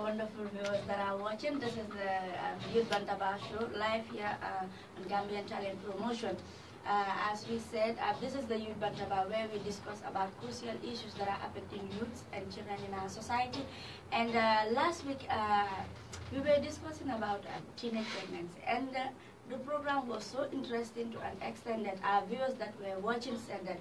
wonderful viewers that are watching. This is the uh, Youth Bantaba show live here uh, on Gambian Talent Promotion. Uh, as we said, uh, this is the Youth Bantaba where we discuss about crucial issues that are affecting youths and children in our society. And uh, last week, we were discussing about teenage pregnancy. And the program was so interesting to an extent that our viewers that were watching said that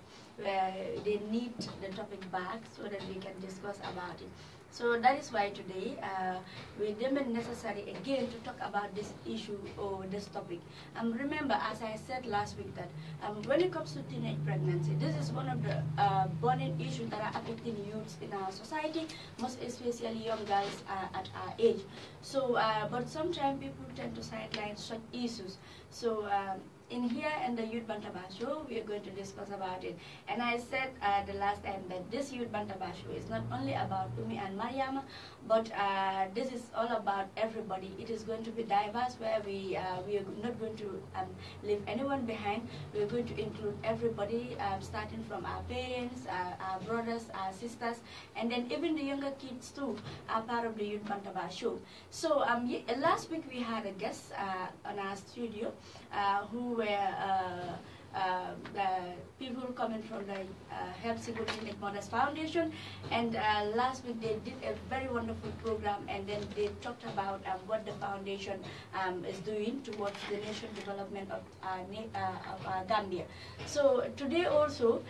they need the topic back so that we can discuss about it. So that is why today uh, we deem it necessary again to talk about this issue or this topic. Um, remember, as I said last week, that um, when it comes to teenage pregnancy, this is one of the uh, burning issues that are affecting youths in our society, most especially young guys uh, at our age. So, uh, but sometimes people tend to sideline such issues. So. Um, in here in the Youth Bantaba show, we are going to discuss about it. And I said uh, the last time that this Youth Bantaba show is not only about Umi and Mariam, but uh, this is all about everybody. It is going to be diverse where we, uh, we are not going to um, leave anyone behind. We are going to include everybody, um, starting from our parents, our, our, brothers, our sisters, and then even the younger kids too are part of the Youth Bantaba show. So um, last week we had a guest uh, on our studio. Uh, who were uh, uh, the people coming from the uh, Help Single Ethnic Mothers Foundation. And uh, last week they did a very wonderful program and then they talked about um, what the foundation um, is doing towards the national development of, uh, of Gambia. So today also,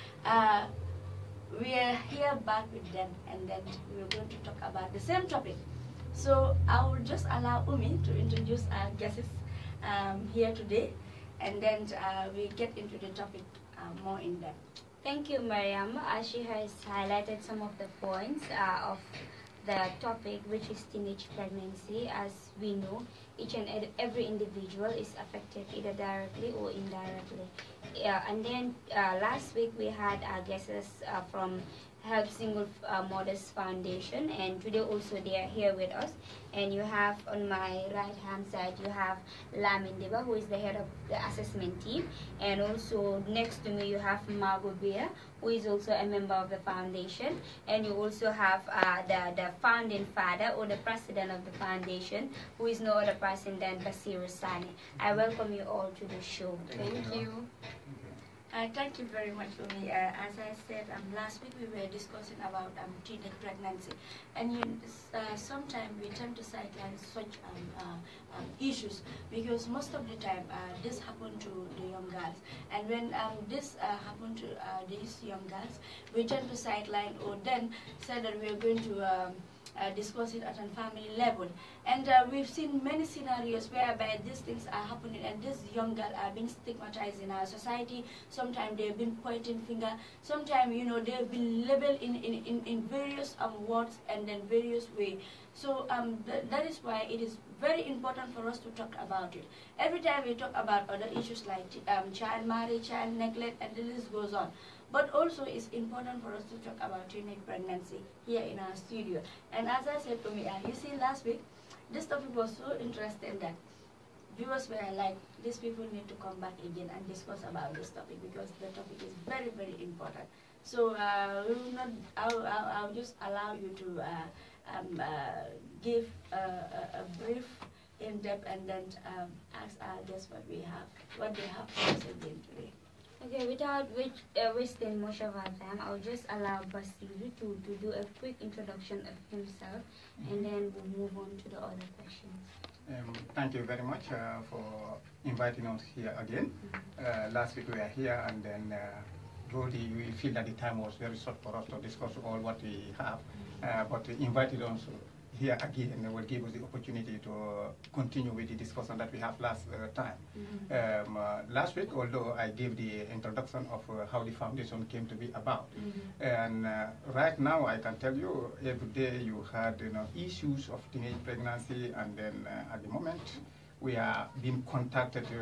we are here back with them and then we're going to talk about the same topic. So I will just allow Umi to introduce our guests um, here today and then uh, we get into the topic uh, more in depth. Thank you, Mariam. Uh, she has highlighted some of the points uh, of the topic, which is teenage pregnancy. As we know, each and every individual is affected either directly or indirectly. Uh, and then uh, last week we had our guests from help single uh, mothers foundation and today also they are here with us and you have on my right hand side you have lamin deba who is the head of the assessment team and also next to me you have margot Beer who is also a member of the foundation and you also have uh, the, the founding father or the president of the foundation who is no other person than Basir Sani. I welcome you all to the show. Thank, Thank you. you. Uh, thank you very much for me. Uh, as I said um, last week, we were discussing about um, teenage pregnancy, and you, uh, sometimes we tend to cite such um, uh, um, issues because most of the time uh, this happened to the young girls, and when um, this uh, happened to these young girls, we tend to sideline or then say that we are going to um, uh, discuss it at a family level. And uh, we've seen many scenarios whereby these things are happening and these young girls are being stigmatized in our society. Sometimes they've been pointing finger. Sometimes, you know, they've been labeled in, in, in, in various um, words and in various ways. So um, th that is why it is very important for us to talk about it. Every time we talk about other issues like um, child marriage, child neglect, and the list goes on. But also it's important for us to talk about teenage pregnancy here in our studio. And as I said to Mia, uh, you see last week, this topic was so interesting that viewers were like, these people need to come back again and discuss about this topic because the topic is very, very important. So uh, we will not, I'll, I'll, I'll, just allow you to uh, um, uh, give a, uh, a, a, brief in depth and then um, ask our guests what we have, what they have for us again today. Okay, without which, uh, wasting much of our time, I'll just allow Basiru to, to do a quick introduction of himself, and mm-hmm. then we'll move on to the other questions. Um, thank you very much uh, for inviting us here again. Mm -hmm. uh, last week we were here, and then uh, really we feel that the time was very short for us to discuss all what we have, uh, but invited us here again will give us the opportunity to continue with the discussion that we have last uh, time. Mm -hmm. um, uh, last week, although I gave the introduction of uh, how the foundation came to be about, mm -hmm. and uh, right now I can tell you every day you had you know, issues of teenage pregnancy, and then uh, at the moment we are being contacted uh,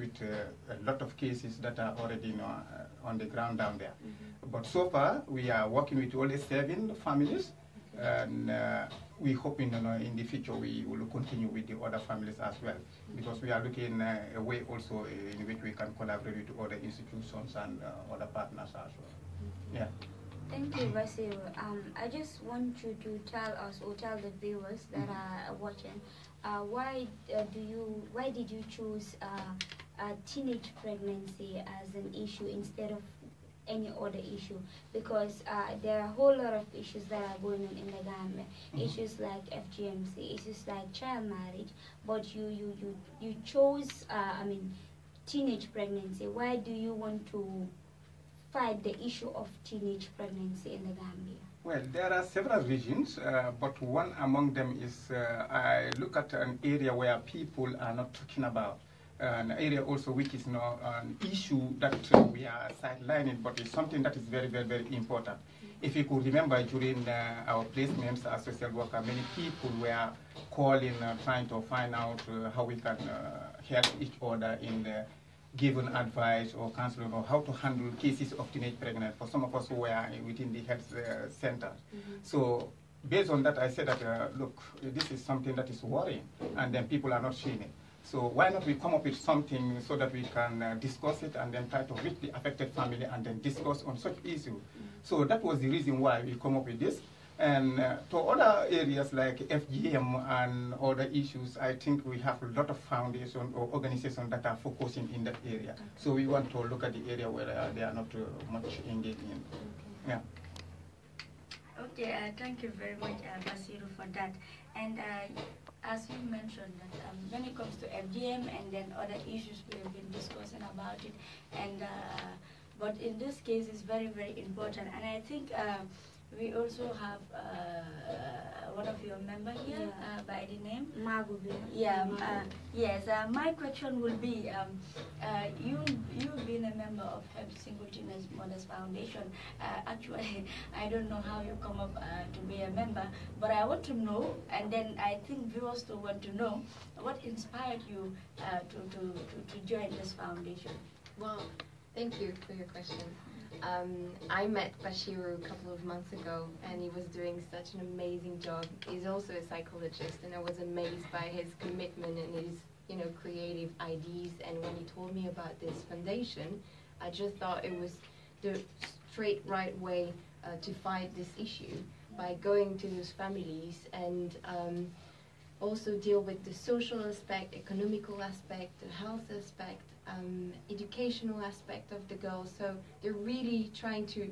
with uh, a lot of cases that are already you know, uh, on the ground down there. Mm -hmm. But so far, we are working with all the seven families and uh, we hoping you know, in the future we will continue with the other families as well because we are looking uh, a way also in which we can collaborate with other institutions and uh, other partners as well. Mm-hmm. Yeah. Thank you, Basil. Um, I just want you to tell us or tell the viewers that mm -hmm. are uh, watching uh, why uh, do you why did you choose uh, a teenage pregnancy as an issue instead of any other issue because uh, there are a whole lot of issues that are going on in the Gambia. Mm -hmm. Issues like FGMC, issues like child marriage, but you you you you chose uh, I mean teenage pregnancy. Why do you want to fight the issue of teenage pregnancy in the Gambia? Well, there are several reasons, uh, but one among them is uh, I look at an area where people are not talking about an area also which is not an issue that uh, we are sidelining, but it's something that is very, very, very important. If you could remember during uh, our placements as social worker, many people were calling, uh, trying to find out uh, how we can uh, help each other in the given advice or counseling or how to handle cases of teenage pregnant. for some of us who were within the health uh, center. Mm -hmm. So based on that, I said that, look, this is something that is worrying, and then people are not seeing it. So why not we come up with something so that we can uh, discuss it and then try to reach the affected family and then discuss on such issue. So that was the reason why we come up with this. And uh, to other areas like FGM and other issues, I think we have a lot of foundation or organizations that are focusing in that area. Okay. So we want to look at the area where uh, they are not uh, much engaged in. Yeah. Okay, uh, thank you very much, uh, Basiru, for that. And uh, as you mentioned, that, um, when it comes to FGM and then other issues we have been discussing about it, and uh, but in this case, it's very, very important. And I think uh, we also have uh, one of your member here yeah. uh, by the name Magubi. Yeah. Uh, yes. my question will be, um, uh, you you've been a member of Help Singleton's Mothers Foundation. Uh, actually, I don't know how you come up uh, to be a member, but I want to know, and then I think viewers too want to know what inspired you to, to to to join this foundation. Well, thank you for your question. Um, I met Bashiru a couple of months ago and he was doing such an amazing job. He's also a psychologist and I was amazed by his commitment and his you know, creative ideas and when he told me about this foundation, I just thought it was the straight right way uh, to fight this issue by going to those families and um, also deal with the social aspect, economical aspect, the health aspect, um, educational aspect of the girls. So they're really trying to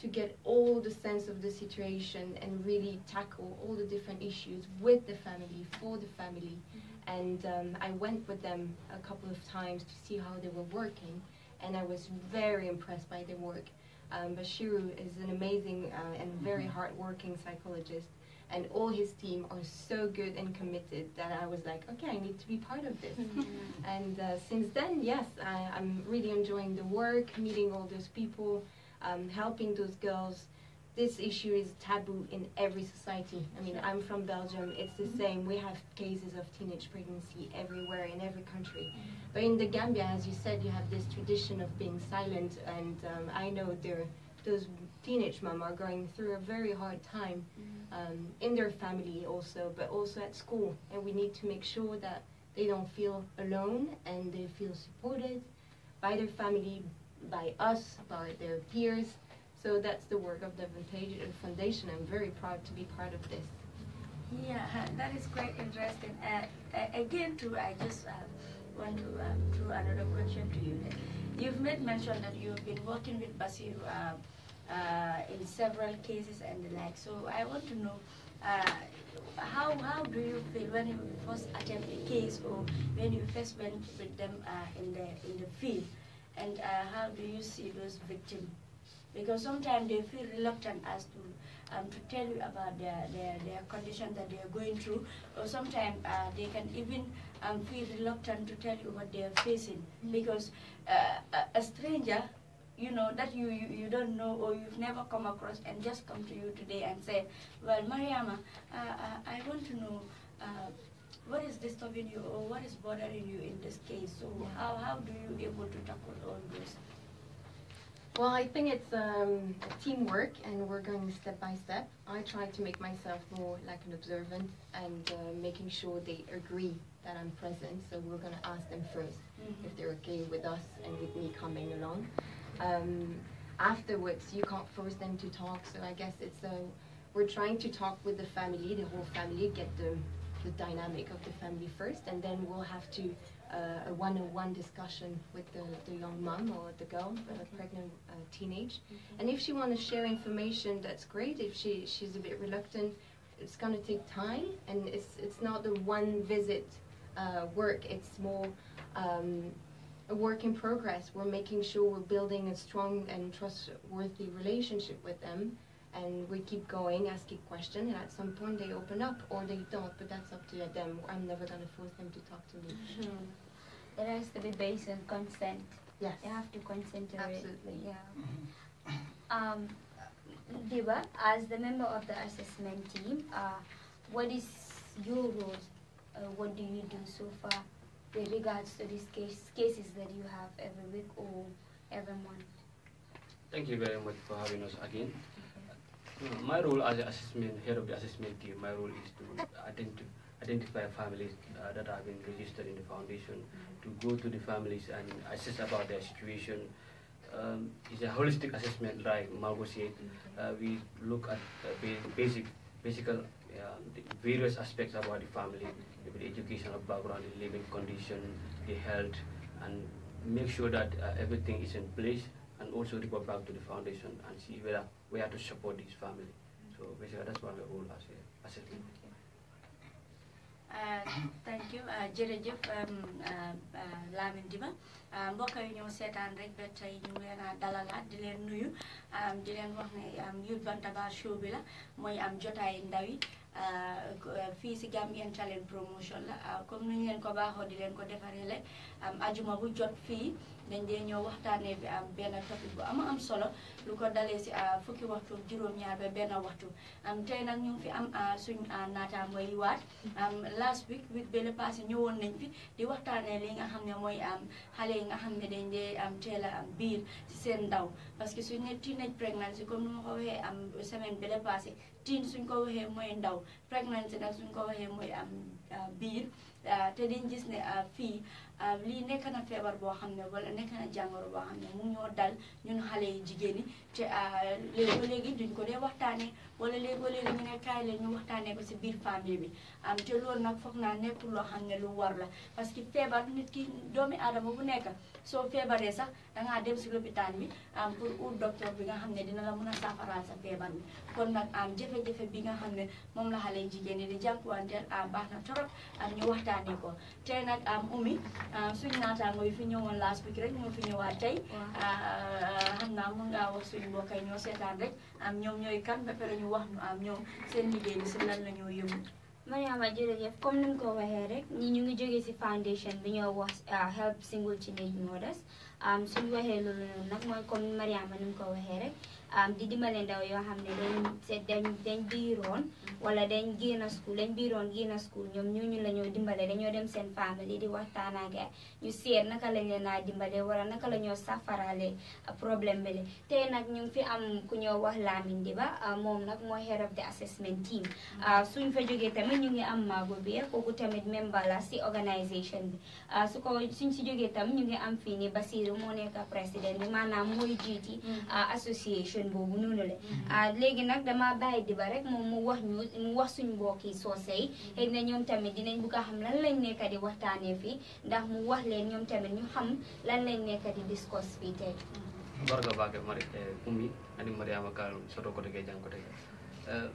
to get all the sense of the situation and really tackle all the different issues with the family, for the family. Mm -hmm. And um, I went with them a couple of times to see how they were working, and I was very impressed by their work. Um, Bashiru is an amazing uh, and very mm-hmm. hardworking psychologist, and all his team are so good and committed that I was like, okay, I need to be part of this. Mm-hmm. and uh, since then, yes, I, am really enjoying the work, meeting all those people, um, helping those girls. This issue is taboo in every society. I mean, I'm from Belgium, it's the mm-hmm. same. We have cases of teenage pregnancy everywhere in every country. Mm-hmm. But in the Gambia, as you said, you have this tradition of being silent, and um, I know there those teenage moms are going through a very hard time mm-hmm. um, in their family also, but also at school. And we need to make sure that they don't feel alone and they feel supported by their family, by us, by their peers. So that's the work of the foundation. I'm very proud to be part of this. Yeah, that is quite interesting. Uh, again, too, I just uh, want to throw uh, another question to you. You've made mention that you've been working with Basiru. Uh, uh, in several cases and the like. So I want to know uh, how how do you feel when you first attempt a case or when you first went with them uh, in the in the field, and how do you see those victims? Because sometimes they feel reluctant as to um, to tell you about their, their, their condition that they are going through, or sometimes uh, they can even um, feel reluctant to tell you what they are facing mm. because uh, a, a stranger you know that you, you you don't know or you've never come across and just come to you today and say well mariama uh, uh, i want to know uh, what is disturbing you or what is bothering you in this case so how, how do you able to tackle all this well, I think it's um, teamwork, and we're going step by step. I try to make myself more like an observant and uh, making sure they agree that I'm present. So we're going to ask them 1st mm -hmm. if they're okay with us and with me coming along um, afterwards. You can't force them to talk. So I guess it's a, uh, we're trying to talk with the family, the whole family, get the, the dynamic of the family first, and then we'll have to uh, a one-on-one discussion with the, the young mom or the girl, uh, pregnant uh, teenage. Mm-hmm. And if she wants to share information, that's great. If she, she's a bit reluctant, it's going to take time, and it's, it's not the one visit uh, work. It's more um, a work in progress. We're making sure we're building a strong and trustworthy relationship with them. And we keep going, asking questions, and at some point they open up or they don't, but that's up to them. I'm never going to force them to talk to me. Hmm. There has to be based on consent. Yes. They have to consent to Absolutely. It. Yeah. Um, as the member of the assessment team, uh, what is your role? Uh, what do you do so far? with regards to these case, cases that you have every week or every month. Thank you very much for having us again. Uh, my role as assessment head of the assessment team, my role is to identi identify families uh, that have been registered in the foundation, mm -hmm. to go to the families and assess about their situation. Um, it's a holistic assessment, like Margot said. Okay. Mm-hmm. Uh, we look at basic, basic the various aspects about the family, the educational background, the living condition, the health, and make sure that uh, everything is in place and also report back to the foundation and see whether we have to support this family. So basically that's what we all as a Euh, thank you euh, jërëjëf euh, Lamin Diba mbokk yi ñoo seetaan rek ba tey ñu ngi a dalalaat di leen nuyu di leen wax ne Youth Bantaba show bi la mooy am jotaay ndaw yi fii si Gambian Talent Promotion la comme ni ñu leen ko baaxoo di leen ko defaree am ajuma bu jot fii. dañ dee ñoo waxtaanee bi am benn topic bu ama am solo lu ko dalee si ah, fukki waxtu juróom-ñaar ba benn waxtu tey nag ñu ngi fi am ah, suñ ah, naataango yi waat last week week bële passé ñëwoon nañ fi di waxtaanee li nga xam ne mooy xale yi nga xam ne dañ dee teel a am biir si seen ndaw parce que suñ ne teenage pregnancy comme ni ma ko waxee am semaine bële passé teen suñ ko waxee mooy ndaw pregnancy nag suñ ko waxee mooy am biir te diñ gis ne fii Euh, lii nekk na feebar boo xam ne wala nekk na jàngoro boo xam ne mu ñoo dal ñun xale yi jigéen ñi te euh, léegoo léegi duñ ko dee waxtaanee wala léegoo léegi ñu waxtaanee ko si biir famille bi am te loolu nag foog naa nekk loo xam ne lu war la parce que feebar nit ki doomi aadama bu nekk soo feebaree sax dangaa dem si lopitaan bi am pour ut docteur bi nga xam ne dina la mën a saafaraal sa feebar bi kon nag am jafe jëfe bi nga xam ne moom la xale yi jigéen ñi di jànkuwanteel am ah, baax na torop am ñu waxtaanee ko te nag am umi suñu naataango yu fi ñëwoon last week rek ñoo fi ñëwaat tey xam naa mun ngaa wax suñu mbokk yi ñoo seetaan rek am ñoom ñooy kan ba pare ñu wax ñu am ñoom seen liggéey bi si lan la ñoo yëngu Mariama jërëjëf comme ni mu ko waxee rek ñi ñu ngi jógee si foundation bi ñoo wax help single teenage mothers suñu waxee loolu noonu nag mooy comme Mariama ni mu ko waxee rek am di dimbale ndaw yo xam dañ dañ dañ biiron wala dañ gëna school dañ biiron gëna school ñom ñu ñu lañu dimbalé dañu dem seen family di waxtaan ak ñu seet naka lañ leena dimbalé wala naka lañu ñoo problème bi tey nak ñu fi am ku ñoo wax lamine Diba mom nak mo head of the assessment team suñ fa joggé tamit ñu ngi am Mago Beye kooku tamit member la ci organisation bi su ko suñ ci joggé tam ñu ngi am fii ni Basiru nekk president manam moy jiti mm. association chen bobu nonu le mm-hmm. ah legui nak dama baye di ba rek mom mu wax ñu mu wax suñu mbokk yi sosey xëy na ñom tamit dinañ bu ka xam lan lañ nekk di waxtaanee fii ndax mu wax leen ñom tamit ñu xam lan lañ nekk di discuss fii tey warga bake mari eh, kumbi ani mariama kal soto ko ke jang ko euh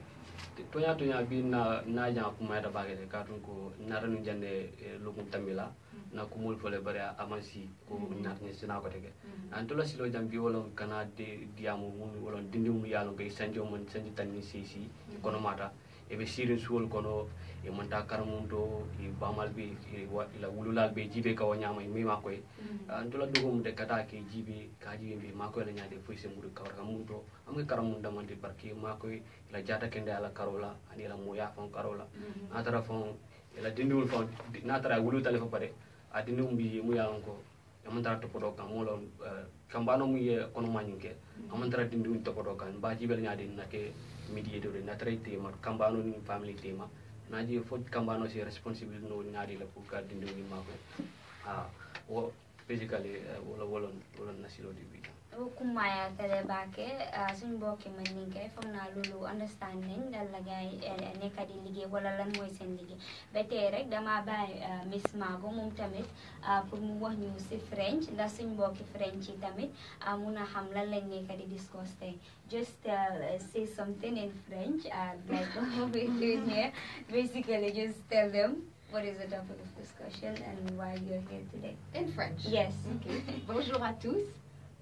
tonya tonya bi na na jang ko may da bage de katun ko na ranu jande eh, lokum tamila na kumul fole bare amasi ko ñat mm-hmm. ni sina ko tege mm-hmm. an to la silo jam bi wolon kana de diamu mun wolon dindi mun yalo ngay sanjo mun sanji tan ni sisi mm-hmm. kono mata e be sirin suwol kono e mun ta karamum do e bamal be e, e la wululal be jibe ka wanya mai e mi ma koy an to la dugo mun de kata ke jibe ka jibe be ma koy la nyaade fo se mudu kawar ka mun do am ke karamum da man de barke ma koy e la jata kende ala karola ani la moya fon karola atara fon la dindi wol fon na tara wulu fo pare adini mu ye mu ya ko amun tara topo kan mo lo eh, kambano mu ye kono ma nyinke amun tara dindi un topo kan ba jibel nya din na ke midiye do na tara tema kambano ni family tema na je fo kambano si responsible no nya di la pour ka dindi ni ma ko ah wo basically wala eh, wala wala nasilo di bi kummaaya kale baake ah, suñ mbokki man ni kay naa loolu understand nañ dal gaay eh, nekk liggéey wala lan mooy seen liggéey ba tey rek dama bàyyi ah, Miss Mago moom tamit ah, pour mu wax ñu si French ndax suñ mbokki French yi tamit mun a xam lan lañ nekk di discuss tey just say something in French like what we're doing here basically just tell them What is the discussion and why you're here today? In French. Yes. Okay. Bonjour à tous.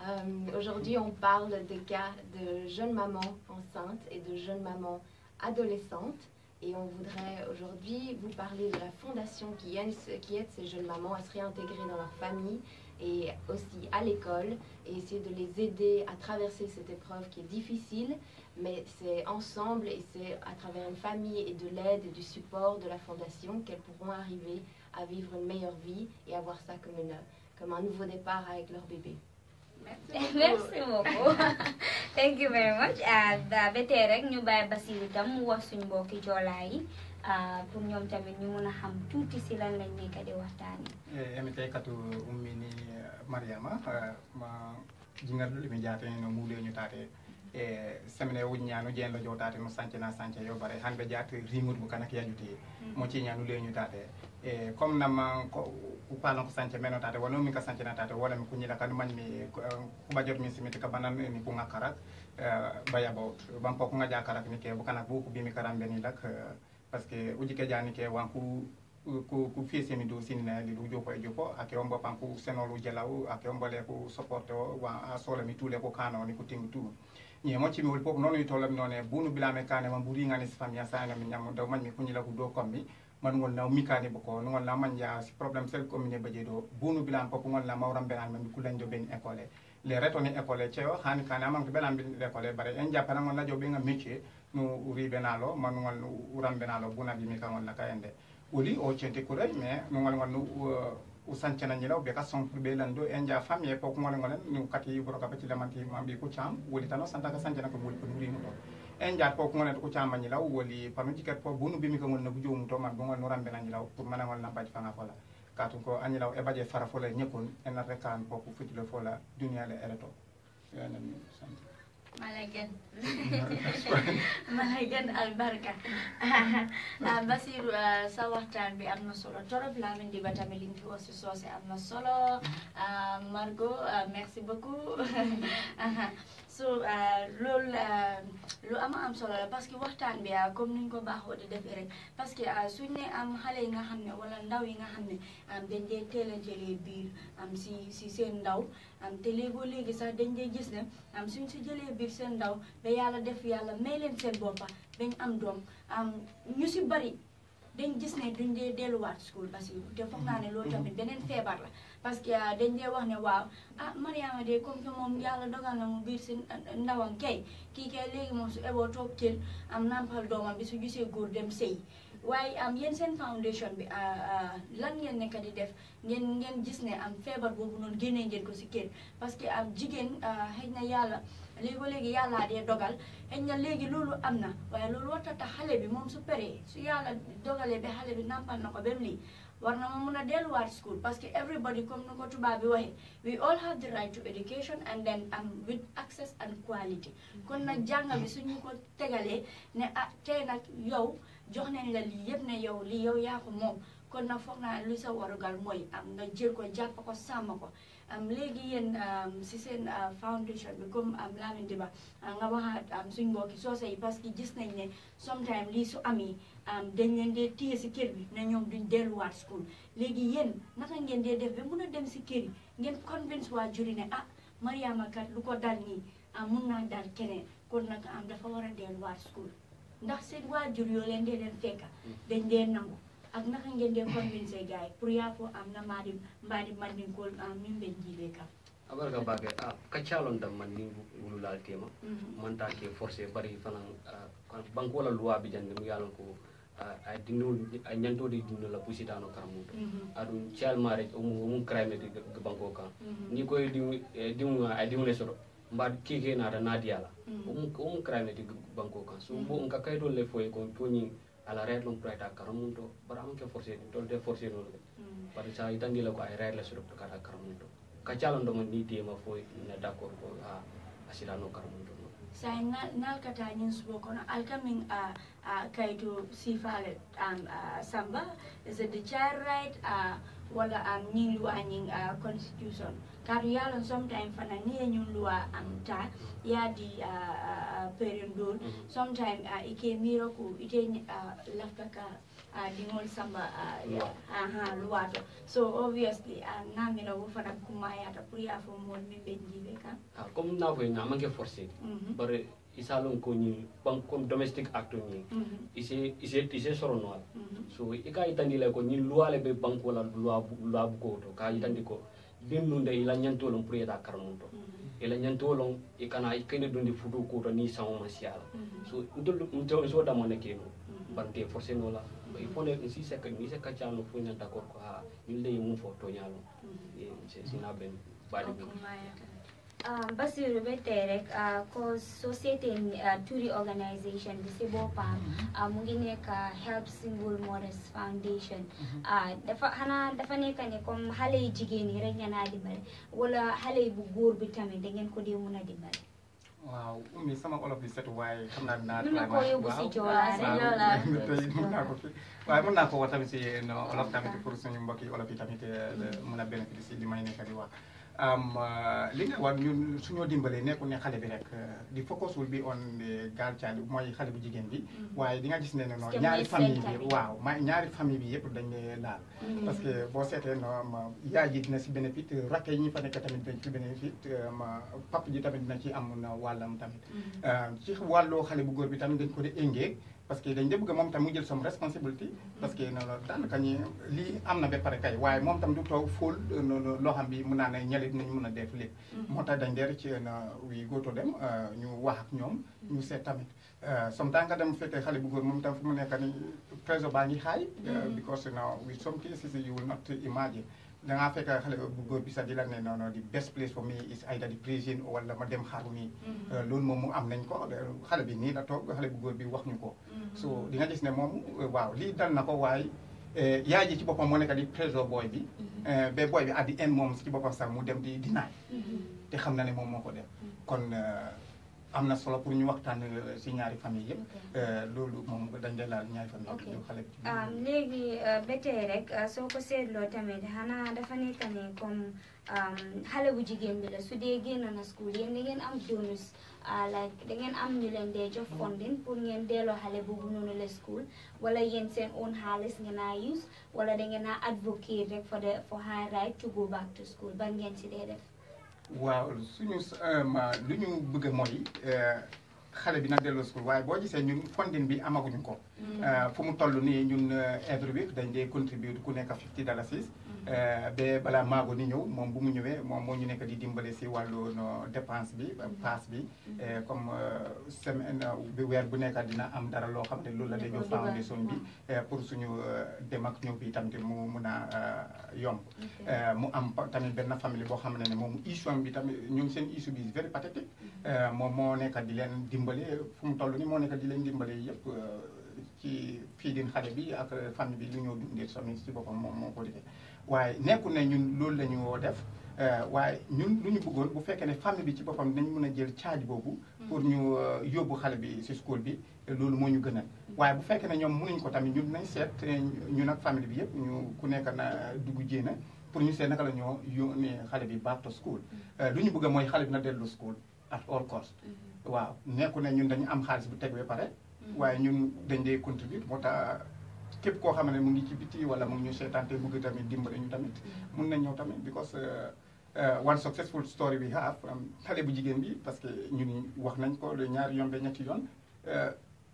Euh, aujourd'hui, on parle des cas de jeunes mamans enceintes et de jeunes mamans adolescentes. Et on voudrait aujourd'hui vous parler de la fondation qui aide, ces jeunes mamans à se réintégrer dans leur famille et aussi à l'école et essayer de les aider à traverser cette épreuve qui est difficile, mais c'est ensemble et c'est à travers une famille et de l'aide et du support de la fondation qu'elles pourront arriver à vivre une meilleure vie et avoir ça comme, comme un nouveau départ avec leur bébé. merci beaucoup thank you very much uh, ba tey rek ñu bàyyi Basiru tam mu wax suñ mbokki uh, ñoom tamit ñu mun a xam tuuti si lan lañ nekk di waxtaani emiteekatu eh, ummi ni uh, mariama ma jingal lu mi jaate no muulee ñu e semine wujñanu jeenɗo nu sance sancana sanca yo bare hande jaat rimude ko kana yajuti mo mm-hmm. ciñanu leñutade e comme nama ko palon ko sanca menotade walla min ka sancanatade walla mi kuñila kadi manmi ko ɓajot eh, min simiti ka banan ni ko ŋakkarak eh, bayabout banko ko ŋaja karak ni ke bo kana bo ko bimi karambe ni lak eh, parce que uji ke jani ke wanku ko ko fiesemi dow sininayali ɗo joko e joko ake ombo pan ku senolu jalaw ake ombole ko supporte o wa a solami tuule ko kanoni ko tingi tout ye mo cibi wol fof noon wi tolam noon bunu bilame kane ma mburi ngani si fam yasana mi ñam daw man mi kuñila ko do mi man ngol naw mikani boko ngol la man ya si problème sel commune baje do bunu bilam pop ngol la mawram belan mi kulan do ben école le retoni école ceo han kana man ko belan bin école bare en japana ngol la be nga métier no uri benalo man ngol uram benalo bi mi ka ngol la ka ende oli o cente kuray mais ngol ngol nu usancananñila be ka sonkurɓe lan do en ja fam ye ko ngole ngolen ni kati boro ka bati lamanti mambi ko cam woli tano santa ka sancana ko woli ko nduri muto en ja ko ngole ko cam manñila woli pano jikat po bunu bimi ko ngol nabu jomu to man rambe norambe nanñila pour mana ngol nampaji fanga fola katun ko anñila e baje fara fola nyekon en rekan kan ko futilo fola dunya le ereto Malagan. Malagan albarka ah, Basiru ah, sa waxtaan bi am na solo torop Lamin Diba tamit li nga fi wax si am na solo mm-hmm. ah, Margo merci beaucoup mm-hmm. so eh, loolu eh, lu am am solo la parce que waxtaan bi eh, comme ni ñu ko baaxoo di def rek parce que suñ ne am xale yi nga xam ne wala ndaw yi nga xam ne dañ dee teel a jëlee biir am si si seen ndaw am te léegoo léegi sax dañ dee gis ne am suñ si jëlee biir seen ndaw ba yàlla def yàlla may leen seen boppa dañ am doom am ñu si bari dañ gis ne duñ dee delluwaat school parce que te naa ne loolu mhm. tamit beneen feebar la parce que euh, dañ dee wax ne waaw ah Mariama de comme que moom yàlla dogal na mu biir si ndawam kii kay léegi moom su eboo toog am nampal doomam bi su gisee góor dem sëy waaye am yéen seen foundation bi euh, euh, lan ngeen nekk di def ngeen ngeen gis ne am feebar boobu noonu génnee ngeen ko si kër parce que am jigéen xëy na yàlla léegi ba léegi yàllaa dee dogal xëy na léegi loolu am na waaye loolu warta tax xale bi moom su paree su yàlla dogalee ba xale bi nampal na ko bem lii war na ma mun a delluwaat school parce que everybody comme nu ko tubaab bi waxee we all have the right to education and then am um, with access and quality kon nag jànga bi suñu ko tegalee ne ah tey yow jox nañ la lii yëpp ne yow lii yow yaako ko moom kon na foog naa lu sa warugal mooy am nga jël ko jàpp ko sàmm ko léegi yéen si seen ah, foundation bi comme Lamin Diba ah, nga am suñ mbokki soose yi parce que gis nañ ne sometime lii su amee dañ leen dee téye si kër bi ne ñoom duñ delluwaat school léegi yéen a ngeen dee def ba mun a dem si kër yi ngeen convince waa juri ne ah Mariama ka lu ko dal nii ah, mun naa dal keneen kon nag am dafa war a delluwaat school ndax seen waajur yoo leen dee leen fekka mm. dañ dee nangu ak naka ngeen dee convince gars pour yaa fo am na maadi maadi mandin kol ah, min ɓe jiile kam abaraka bake a ah, kaccalonta mandi wululal tema manta mm-hmm. ke forcé bari fanan ah, banko la loi bi jande mu yalon ko a ay a di dino la pusitano mu aɗum calmare di crimete banko kan ni koy koye eh, dimu a dimune soto mbaɗ keke mu naadiyala di crimete banko kan so mm-hmm. bo on ka kayitol le foye kon toñi అలా రేట్లు ఉంటాయి కరం ఉంటూ బరామకే ఫోర్స్ twenty ఫోర్స్ ఉంటుంది పది సార్ ఇతంగిలో ఆ రేట్ల సురపు కట కరం ఉంటూ కచ్చాలంటూ మంది నీటి ఏమో పోయి నెట్ కొరకు అసిలాను కరం ఉంటుంది sai nal kata nyin subo kono alkamin uh, uh, a a kaitu sifale um uh, samba is it the child right uh, wala am uh, um, nyilu anyin uh, constitution kariyalo sometime fana niye nyundua amta yadi uh, perindul uh, mhm. sometime uh, ike miro ku ite uh, lafta ka uh, dingol samba uh, yeah. aha so obviously uh, namina wo fana ta pour ya fo mol min be jibe ka ah, comme na fo na manke forcer mm -hmm. bare isalon ko ni ban comme domestic acto ni mm -hmm. ise ise tise soro no mm -hmm. so ikay itandi le ko ni luwale be banko la loi luwa ko to ka itandi ko bemnun da ila nyanto lon pour yata karmundo mm-hmm. ila nyanto lon e kana e kene donde fudu ko to ni sango masiala mm-hmm. so ndol ndol so da no keno bante forcé no la il faut ne si c'est que ni c'est ka tiano fo nyanta ko ha ni le mu fo to nyalo mm-hmm. e c'est sina ben ba de Um, Bassirou ba tey rek ko uh, société uh, touri organisation bi si boppam mm-hmm. uh, mu ngi nekk Help Single Mothers Foundation mm-hmm. dafa xanaa dafa nekk ne comme xale yi jigéen yi rek ngeen a dimbale wala xale bu góor bu tamit da ngeen ko dee mun a dimbale waaw umi sama olof bi setu waaye xam naa dinaa. mën na si joolaa mën naa ko fi waaye olof tamit pour suñu mbokk yi olof yi tamit eh, mm-hmm. mën a bénéficier li may nekk di wax. Euh, li nga war ñun suñoo dimbalee nekkul ne xale bi rek euh, di focus wul bi on girl child mooy xale bu jigéen bi mm-hmm. waaye di nga gis ne ne noonu ñaari famille bi waaw ma ñaari famille bi yëpp dañ ne laal mm-hmm. parce que boo seetee no yaay ji dina si bénéfice rakk yi ñu fa nekk tamit dañ ci bénéfice euh, ma pap ji tamit na ci am na wàllam tamit mm-hmm. ci wàllu xale bu góor bi tamit dañ ko di engee parce que dañ de bëgg moom tam mu jël som responsabilité parce que non daanaka ñi lii am na ba pare kay waaye moom tam du toog fóol euh, loo xam bi mun naa ne ñalit nañ mën a def lépp mm-hmm. moo tax dañ der ci euh, na wi góoto dem euh, ñu wax ak ñoom mm-hmm. ñu seet tamit som sometimes nga dem fekkee xale bu góor moom tam fu mu nekk ni trésor baa ngi xaay mm-hmm. because no som some cases you will not imagine dangaa fekk xale bu góor bi sax di la ne non non di best place for me is either di prison wala ma dem xaru nii. Mm-hmm. Euh, loolu moom mu am nañ ko xale bi nii la toog xale bu góor bi wax ñu ko. Mm-hmm. so di nga gis ne moom euh, waaw lii dal na ko waaye euh, yaay ji ci boppam moo nekk di pressure booy bi. ba mm-hmm. booy bi at the end moom ci boppam sax mu dem di dinaay. te xam na ne moom moo ko def kon. am na solo pour ñu waxtaan euh, si ñaari famille yëpp. Euh, loolu moom dañ lay laal ñaari famille yëpp xale ah, léegi ba euh, tey rek soo ko seetloo tamit xanaa dafa nekk ne comme xale bu jigéen bi la su dee génn na school yéen da ngeen am bonus ah, like da ngeen am ñu leen dee jox funding pour ngeen delloo xale boobu noonu la school wala yéen seen own xaalis ngeen a use wala da ngeen a advocate rek for the for her right to go back to school ba ngeen ci dee def. waaw suñu euh, lu ñu bëgg mooy euh, xale bi na delloo school waaye boo gisee ñun funding bi amaguñu ko. Mm. Euh, fu mu toll nii ñun every week dañ dee contribuer ku nekk fifty dalasis Euh, ba balaa maago ni ñëw moom bu mu ñëwee moom moo ñu nekk di dimbalee si wàllu dépense bi paas bi mm-hmm. euh, comme euh, semaine bi weer bu nekk dina am dara loo xam ne loolu la day jox foundation bi mm-hmm. pour suñu dem ak ñëw bi tamit mu mun a yomb mu am tamit benn famille boo xam ne ne moom issue bi tamit ñu seen issue bi very pathétique mm-hmm. moom moo nekk di leen dimbale fu mu toll ni moo nekk di leen dimbale yëpp ci fii din xale bi ak famille bi lu ñoo dundee sami si boppam moom moo ko defee waaye nekku ne ñun loolu la ñu woo def euh, waaye ñun lu ñu bëggoon bu fekkee ne famille bi ci boppam dañ mën a jël charge boobu. Mm. pour ñu euh, yóbbu xale bi si school bi loolu moo ñu gënal. Mm. waaye bu fekkee ne ñoom mënuñ ko tamit ñu nañ seet ñu ak famille bi yëpp ñu ku nekk na dugg jéena pour ñu seet naka la ñoo yónnee xale bi back to school. Mm. Euh, lu ñu bëgg mooy xale bi na dellu school at all cost. Mm-hmm. waaw nekkul ne ñun dañu am xaalis bu teg ba pare. Mm-hmm. waaye ñun dañ dee contribute moo tax. képp koo xam ne mu ngi ci biti wala mu ngi ñu seetaan te bëgg tamit dimbale ñu tamit mun nañ ñëw tamit because one successful story we have xale bu jigéen bi parce que ñun wax nañ ko le ñaari yoon ba ñetti yoon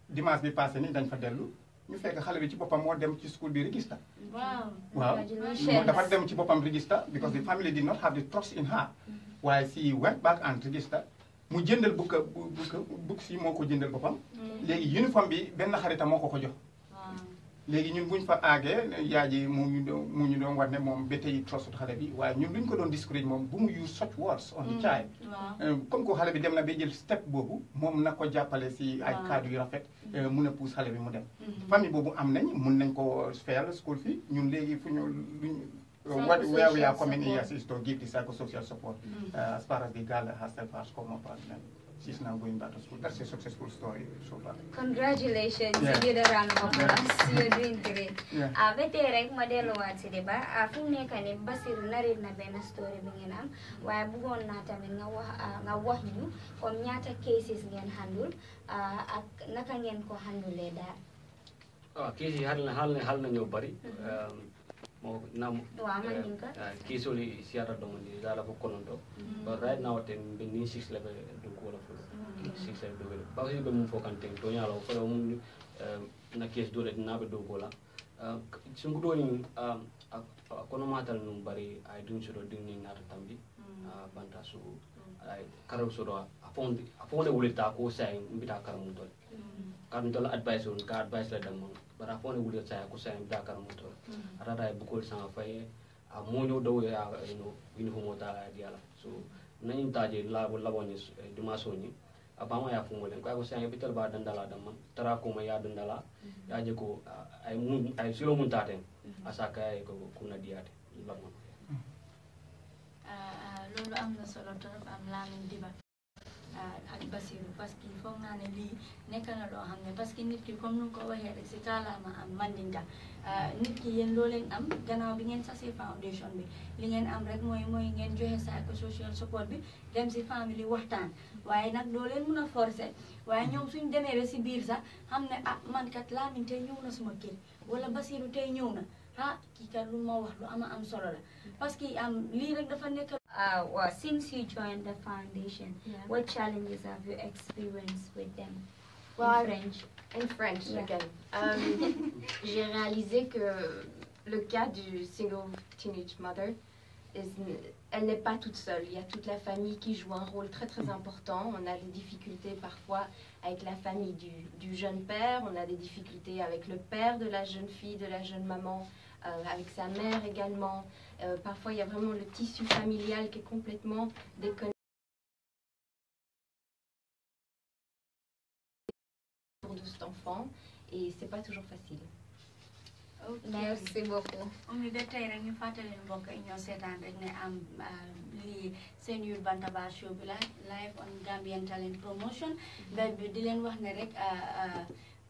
dimanche bi passé ni dañ fa dellu ñu fekk xale bi ci boppam moo dem ci school bi register waaw moo dafa dem ci boppam register because the family did not have the trust in her waaye she went back and register mu jëndal bukka bukka buk si moo ko jëndal boppam léegi uniforme bi benn xaritam moo ko ko jox léegi ñun buñ fa aagee yaay ji mu ñu doon mu ñu doon war ne moom ba tey trosut xale bi waaye ñun luñ ko doon discourage moom bu mu use such words on the mm, child euh, comme que xale bi dem na ba jël step boobu moom nag ko jàppale si ay cadre yu rafet euh, mun a pousse xale bi mu dem mm-hmm. famille boobu am nañ mun nañ ko fayal school fii ñun léegi fu ñu luñ euh, what where we are coming here is to give the psychosocial support mm. as far as the girl herself has come up she's now going back to school. That's a successful story so far. Congratulations. Uh, ba tey rek ma delluwaat si débat story bi ngeen waaye bëggoon naa nga wax uh, nga wax ñu comme cases ngeen handle uh, ak naka ngeen ko handle e daal. Ah, nam kisoli siata domandi dala ko kononto mm-hmm. but right now ten be ni six level do ko la fulo mm-hmm. six level do ba ko be mum fokan ten to nyalo ko mum eh, na kes do le na be do ko la eh, sun ko ni ah, ah, ah, kono matal num bari ay dun so do din ni na bi mm-hmm. banta su ay karaw so do a fond a wulita ko sai mbita karamu dol kan dol advice on ka advice la dam bara fo ne wuli saya ku saya da kar motor ara da bukol sanga fay a moño do ya no wini fo mota diala so na ta je la wala woni dimaso eh, ni abama ya fumo len ko ko saya bitel ba dandala dam man tara ko ma ya dandala mm-hmm. ya je ko ay mun ay silo mun taten mm-hmm. asaka ko kuna diate lamon lolu am na solo torop am lamin dibat ak Basiru parce que foog naa ne lii nekk na loo xam ne parce que nit ki comme nu nga ko waxee rek si kaalaama am mandinka nit ki yéen loo leen am gannaaw bi ngeen sasee foundation bi li ngeen am rek mooy mooy ngeen joxe psychosocial support bi dem si famille waxtaan waaye nag doo leen mun a forcer waaye ñoom suñ demee ba si biir sax xam ne ah man kat Lamin tey ñëw na suma kër wala Basiru tey ñëw na ah kii kat lu ma wax lu am am solo la Uh, since you joined the foundation, what challenges have you experienced with them? in French. In French, again. Um, j'ai réalisé que le cas du single teenage mother, elle n'est pas toute seule. Il y a toute la famille qui joue un rôle très très important. On a des difficultés parfois avec la famille du, jeune père, on a des difficultés avec le père de la jeune fille, de la jeune maman, euh, avec sa mère également. Euh, parfois, il y a vraiment le tissu familial qui est complètement déconnecté de cet enfant et c'est pas toujours facile. merci beaucoup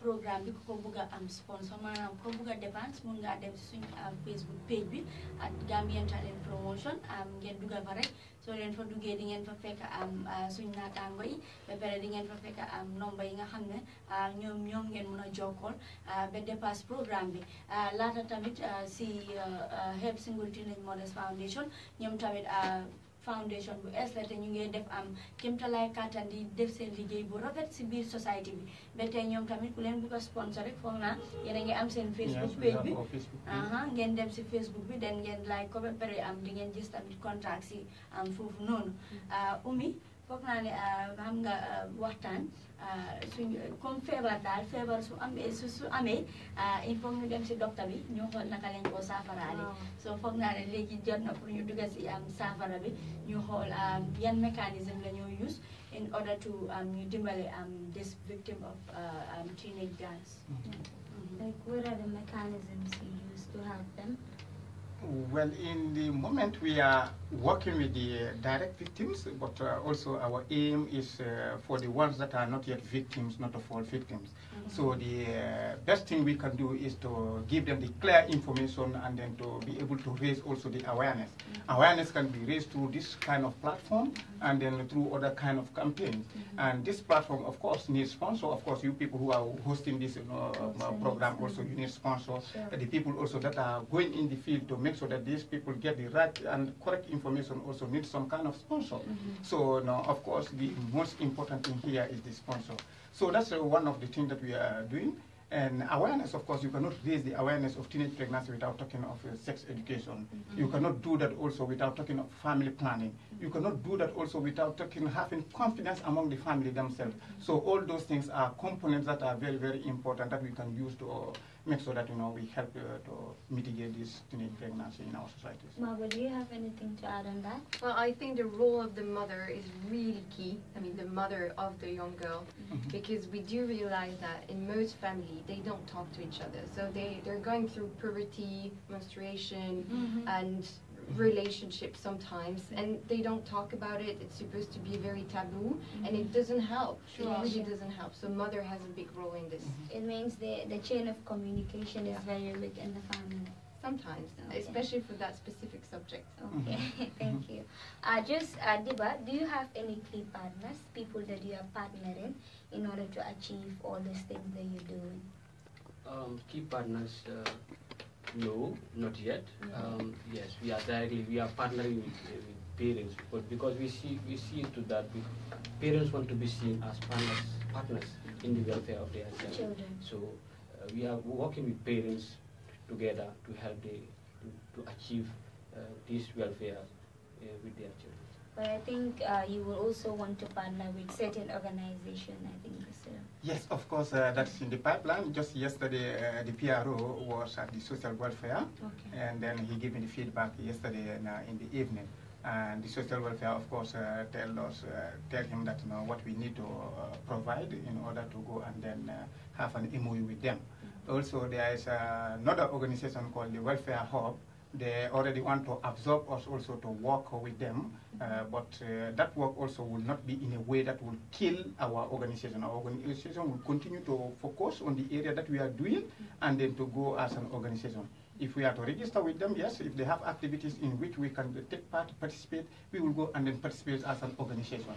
programme bi ku ko bëgg a am sponsor maanaam ko bëgg a dépense mun nga dem si suñu ah, Facebook page bi ak Gambian Talent Promotion am ngeen dugal fa rek soo leen fa duggee di ngeen fa fekk am ah, suñu naataango yi ba pare di ngeen fa fekk am nomba yi nga xam ne ah, ñoom ñoom ngeen mun a jokkool ba dépasse programme bi laata tamit si Help Single Teenage Mothers Foundation ñoom tamit foundation bu es la te ñu ngee def am kéemtalaay kàttan di def seen liggéey bu rafet si biir société bi ba ñoom tamit ku leen bëgg a sponsor rek naa yéen a am seen facebook bi aha ngeen dem si facebook bi den ngeen like ko ba pare am di ngeen gis tamit contact si am foofu noonu mm. ah, Umi foog ah, xam nga ah, waxtaan ah, suñ comme feebar daal feebar su amee su su amee il faut ñu dem si docteur bi ñu xool naka lañ koo saafaraale so foog naa ne léegi jot na pour ñu si am saafara bi ñu xool yan mécanisme la ñoo use in order to ñu dimbale am this victim of teenage girls mm-hmm. like what are the mechanisms you use to help them well, in the moment we are working with the direct victims, but uh, also our aim is uh, for the ones that are not yet victims, not of all victims. So the uh, best thing we can do is to give them the clear information and then to be able to raise also the awareness. Mm -hmm. Awareness can be raised through this kind of platform mm -hmm. and then through other kind of campaigns. Mm -hmm. And this platform, of course, needs sponsor. Of course, you people who are hosting this you know, uh, program also you need sponsors. Sure. The people also that are going in the field to make sure that these people get the right and correct information also need some kind of sponsor. Mm-hmm. So now, of course, the most important thing here is the sponsor. So that's uh, one of the things that we are doing. And awareness, of course, you cannot raise the awareness of teenage pregnancy without talking of uh, sex education. Mm -hmm. You cannot do that also without talking of family planning. Mm -hmm. You cannot do that also without talking having confidence among the family themselves. Mm -hmm. So all those things are components that are very, very important that we can use to uh, make sure that you know we help uh, to mitigate this teenage pregnancy in our societies. Margot, do you have anything to add on that? Well, I think the role of the mother is really key. I mean, the mother of the young girl, mm-hmm. because we do realize that in most families they don't talk to each other, so they they're going through puberty, menstruation, mm-hmm. and relationships sometimes and they don't talk about it it's supposed to be very taboo mm -hmm. and it mm-hmm. doesn't help sure. it really doesn't help so mother has a big role in this mm-hmm. it means the the chain of communication yeah. is very big in the family sometimes okay. especially for that specific subject okay thank mm-hmm. you uh, just uh, Diba, do you have any key partners people that you are partnering in order to achieve all these things that you're doing um, key partners uh, no, not yet. Mm -hmm. um, yes, we are directly we are partnering with, uh, with parents, but because we see we see to that we, parents want to be seen as partners partners in the welfare of their children. So uh, we are working with parents together to help the to, to achieve uh, this welfare uh, with their children. But I think uh, you will also want to partner with certain organization, I think. So. Yes, of course, uh, that's in the pipeline. Just yesterday, uh, the PRO was at the social welfare, okay. and then he gave me the feedback yesterday in, uh, in the evening. And the social welfare, of course, uh, tell us, uh, tell him that you know, what we need to provide in order to go and then have an MOU with them. Mm -hmm. Also, there is another organization called the Welfare Hub, they already want to absorb us also to work with them, uh, but uh, that work also will not be in a way that will kill our organization. Our organization will continue to focus on the area that we are doing and then to go as an organization. If we are to register with them, yes, if they have activities in which we can take part, participate, we will go and then participate as an organization.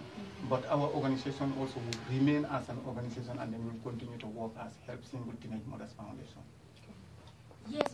But our organization also will remain as an organization and then will continue to work as Help Single Teenage Mothers Foundation.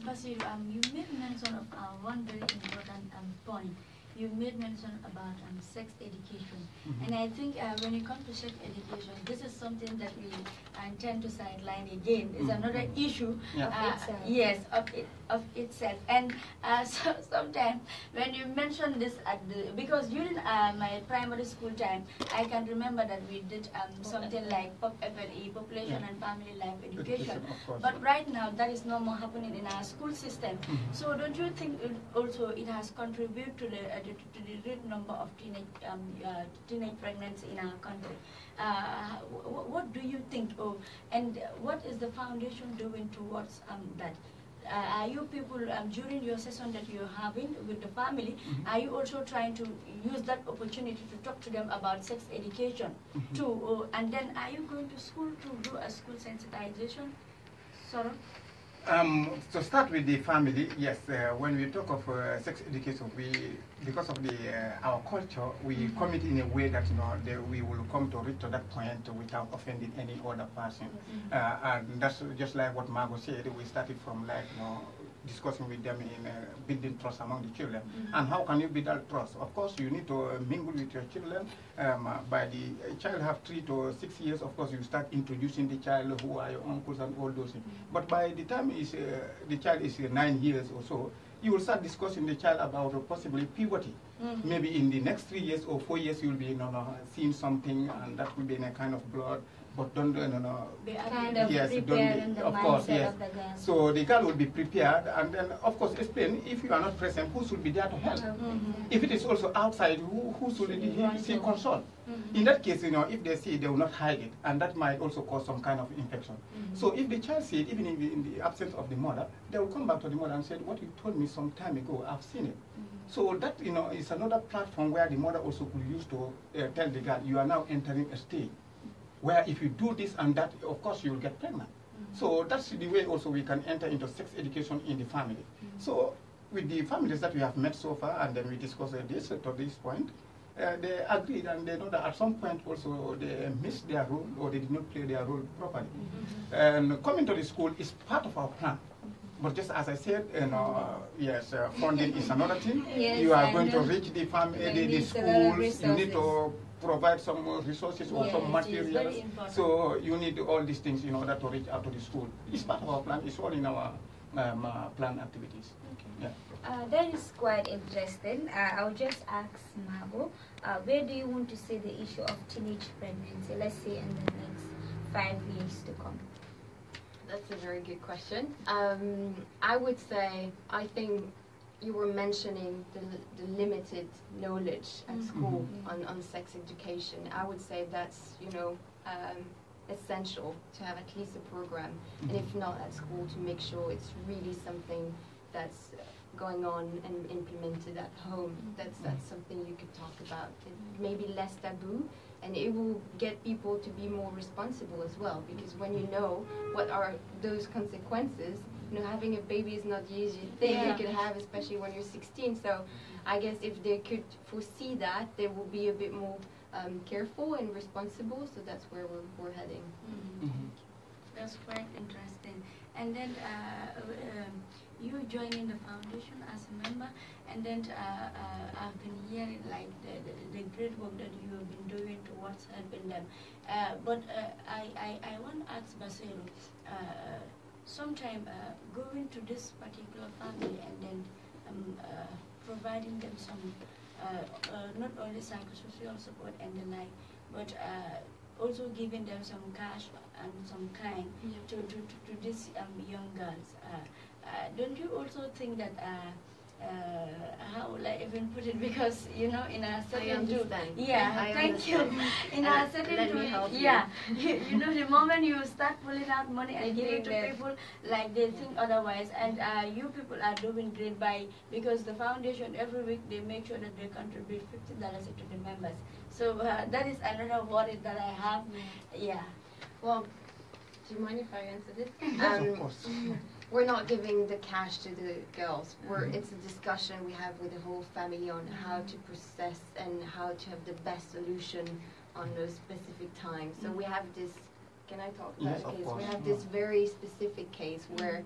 Pastor, um, you made mention of uh, one very important um, point. You made mention about um, sex education. Mm -hmm. And I think uh, when it comes to sex education, this is something that we intend uh, tend to sideline again. It's mm -hmm. another mm-hmm. issue. Yeah. Uh, uh, yes, of it, of itself and uh, so sometimes when you mention this at the because during uh, my primary school time i can remember that we did um, something like pop FLE, population yeah. and family life education, but right now that is no more happening in our school system mm -hmm. so don't you think it also it has contributed to the uh, to the great number of teenage um, uh, teenage pregnancy in our country uh, what do you think of oh, and what is the foundation doing towards um, that uh, are you people um, during your session that you're having with the family mm -hmm. are you also trying to use that opportunity to talk to them about sex education mm -hmm. too uh, and then are you going to school to do a school sensitization sorry um, to start with the family, yes, uh, when we talk of uh, sex education, we because of the uh, our culture, we mm -hmm. commit in a way that you know that we will come to reach to that point without offending any other person. Mm -hmm. uh, and that's just like what Margot said. We started from like you know discussing with them in uh, building trust among the children. Mm -hmm. And how can you build that trust? Of course, you need to uh, mingle with your children. Um, uh, by the uh, child have three to six years, of course, you start introducing the child who are your uncles and all those things. Mm-hmm. But by the time is the child is nine years or so, you will start discussing the child about possibly puberty. Mm -hmm. Maybe in the next three years or four years, you will be you know, seeing something, and that will be in a kind of blood but don't do no, no. Kind of yes, don't be, of course, yes. Of so the girl will be prepared and then of course explain if you are not present who should be there to help. Mm -hmm. If it is also outside who, who should she, he, she consult. Mm -hmm. In that case, you know, if they see they will not hide it and that might also cause some kind of infection. Mm -hmm. So if the child see it, even in the, in the, absence of the mother, they will come back to the mother and say, what you told me some time ago, I've seen it. Mm-hmm. So that, you know, is another platform where the mother also could use to uh, tell the girl, you are now entering a stage where if you do this and that, of course you'll get pregnant. Mm -hmm. So that's the way also we can enter into sex education in the family. Mm -hmm. So with the families that we have met so far, and then we discussed this uh, to this point, uh, they agreed and they know that at some point also they missed their role or they did not play their role properly. Mm -hmm. And coming to the school is part of our plan. Mm-hmm. But just as I said, you know, uh, yes, uh, funding is another thing. Yes, you are going to reach the family, the, the schools. You need to provide some uh, resources or yeah, some materials. So you need all these things in order to reach out to the school. It's part of our plan. It's all in our um, uh, plan activities. Okay. Yeah. Uh, that is quite interesting. Uh, I'll just ask Margot, uh, where do you want to see the issue of teenage pregnancy, let's say in the next five years to come? That's a very good question. Um, I would say, I think you were mentioning the, the limited knowledge at mm -hmm. school mm -hmm. on, on sex education. I would say that's, you know, um, essential to have at least a program, mm -hmm. and if mm-hmm. not at school, to make sure it's really something that's going on and implemented at home. Mm-hmm. That's, that's something you could talk about. It maybe less taboo, and it will get people to be more responsible as well, because when you mm-hmm. know what are those consequences, you know, having a baby is not the easy thing yeah. you could have, especially when you're 16. So I guess if they could foresee that, they will be a bit more um, careful and responsible. So that's where we're, we're heading. Mm -hmm. Mm -hmm. That's quite interesting. And then uh, um, you joining the foundation as a member, and then uh, uh, I've been hearing like the, the, the, great work that you have been doing towards helping them. Uh, but uh, I, I, I want to ask Basil, uh, sometime uh, going to this particular family and then um, uh, providing them some uh, uh, not only psychosocial support and the like, but uh, also giving them some cash and some kind yeah. to, to, to, to these um, young girls. don't you also think that uh, how would I even put it? Because you know, in a certain do, yeah, I thank understand. you. In a uh, certain help yeah, you, you, know, the moment you start pulling out money and giving to people, like they yeah. think otherwise, and uh, you people are doing great by because the foundation every week they make sure that they contribute fifty dollars to the members. So uh, that is another worry that I have. Yeah. yeah. Well, do you mind if I answer this? Yes, um, of course. we're not giving the cash to the girls. We're, mm-hmm. It's a discussion we have with the whole family on how to mm-hmm. process and how to have the best solution on a specific time. So mm-hmm. we have this, can I talk about yes, a case? We have this mm. very specific case mm-hmm. where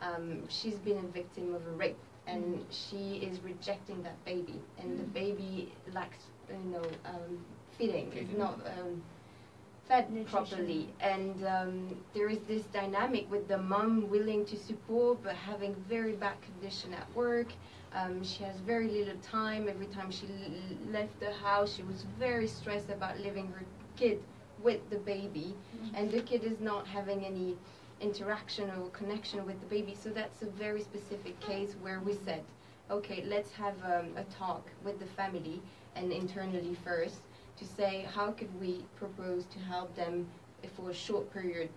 um, she's been a victim of a rape and she is rejecting that baby and the mm. baby lacks, you know, um, feeding. It's not... Um, fed properly. And um, there is this dynamic with the mom willing to support but having very bad condition at work. Um, she has very little time. Every time she left the house, she was very stressed about leaving her kid with the baby, mm -hmm. and the kid is not having any interaction or connection with the baby. So that's a very specific case where we said, okay, let's have um, a talk with the family and internally first to say how could we propose to help them for a short period,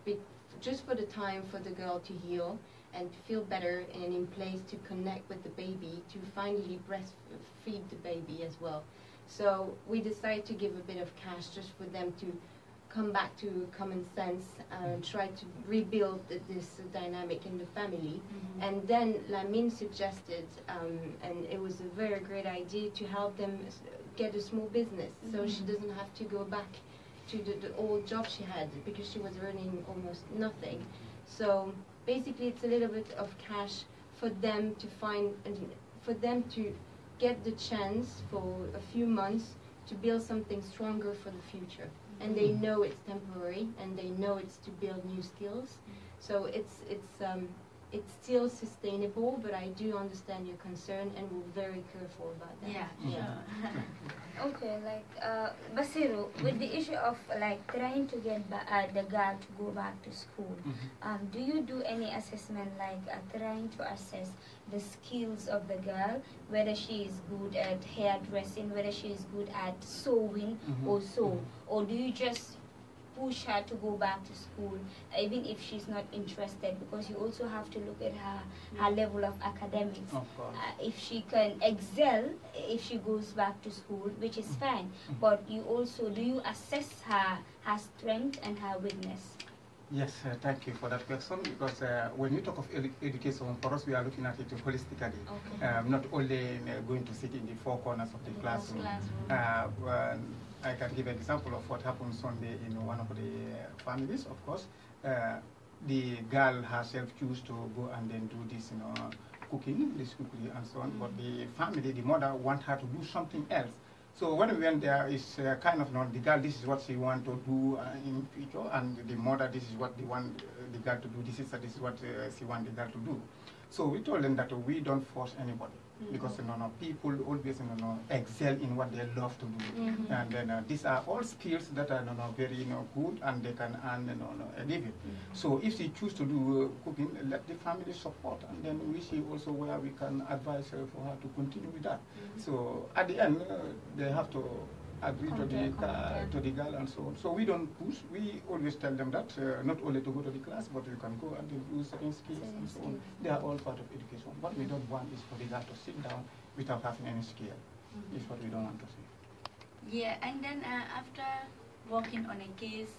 just for the time for the girl to heal and to feel better and in place to connect with the baby, to finally breastfeed the baby as well. So we decided to give a bit of cash just for them to come back to common sense and mm-hmm. try to rebuild this dynamic in the family. Mm -hmm. And then Lamine suggested, um, and it was a very great idea to help them get a small business, so mm -hmm. she doesn't have to go back to the, the, old job she had because she was earning almost nothing. So basically, it's a little bit of cash for them to find, for them to get the chance for a few months to build something stronger for the future. And they mm. know it's temporary, and they know it's to build new skills. So it's it's um, it's still sustainable, but I do understand your concern and we're very careful about that. Yeah, yeah. okay, like uh, Basiru, with the issue of like trying to get uh, the girl to go back to school, mm -hmm. um, do you do any assessment like uh, trying to assess the skills of the girl, whether she is good at hairdressing, whether she is good at sewing mm -hmm. or so, mm-hmm. or do you just push her to go back to school, even if she's not interested, because you also have to look at her her level of academics. Of uh, if she can excel, if she goes back to school, which is mm. fine, mm. but you also do you assess her her strength and her weakness. Yes, uh, thank you for that question because uh, when you talk of ed education, for us we are looking at it holistically, okay. um, not only uh, going to sit in the four corners of the, the classroom. classroom. Uh, I can give an example of what happened Sunday in one of the uh, families, of course. Uh, the girl herself chose to go and then do this, you know, cooking, this cookery and so on. Mm -hmm. But the family, the mother, want her to do something else. So when we went there, it's uh, kind of you know, The girl, this is what she want to do uh, in future, and the mother, this is what they want uh, the girl to do. is sister, this is what uh, she want the girl to do. So we told them that we don't force anybody. -hmm. because you know, people always you know, excel in what they love to do, mm -hmm. and then uh, these are all skills that are you know, very you know, good and they can earn you know, a living. Mm -hmm. So if she choose to do uh, cooking, let the family support, and then we see also where we can advise her for her to continue with that. Mm-hmm. So at the end, uh, they have to agree to the, uh, to the girl and so on. So we don't push. We always tell them that uh, not only to go to the class, but you can go and do certain skills Same and so on. They are all part of education. What we don't want is for the girl to sit down without having any skill. Mm -hmm. Is what we don't want to see. Yeah, and then uh, after working on a case,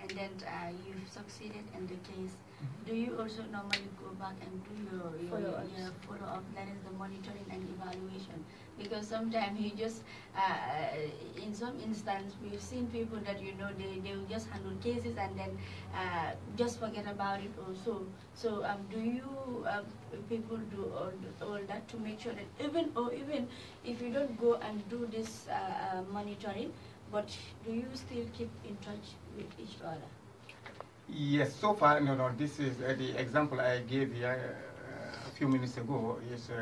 and then uh, you've succeeded in the case, mm -hmm. do you also normally go back and do your, your, follow-up, yeah, follow that is the monitoring and evaluation because sometimes he just uh, in some instance we've seen people that you know they they will just handle cases and then uh, just forget about it also so um, do you um, people do all, all, that to make sure that even or even if you don't go and do this uh, uh, monitoring but do you still keep in touch with each other yes so far no no this is uh, the example i gave here a few minutes ago is the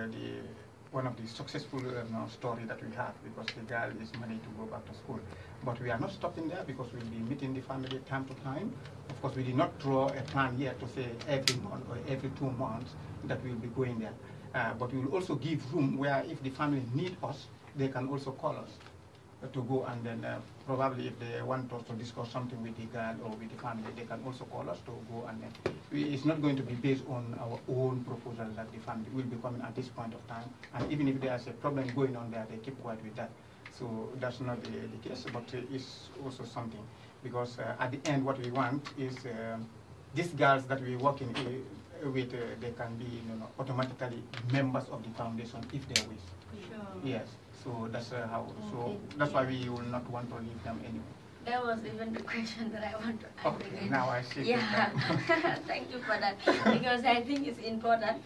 one of the successful uh, story that we have because the girl is ready to go back to school. But we are not stopping there because we'll be meeting the family time to time. Of course, we did not draw a plan yet to say every month or every two months that we'll be going there. Uh, but we will also give room where if the family need us, they can also call us to go and then uh, probably if they want us to discuss something with the girl or with the family, they can also call us to go and uh, it's not going to be based on our own proposals that the family will be coming at this point of time. And even if there's a problem going on there, they keep quiet with that. So that's not the, the case, but uh, it's also something. Because uh, at the end, what we want is um, these girls that we're working uh, with, uh, they can be you know, automatically members of the foundation if they wish. Sure. Yes. So that's uh, how. Okay. So that's why we will not want to leave them anyway. That was even the question that I want to ask. Okay, again. now I see. Yeah, thank you for that because I think it's important.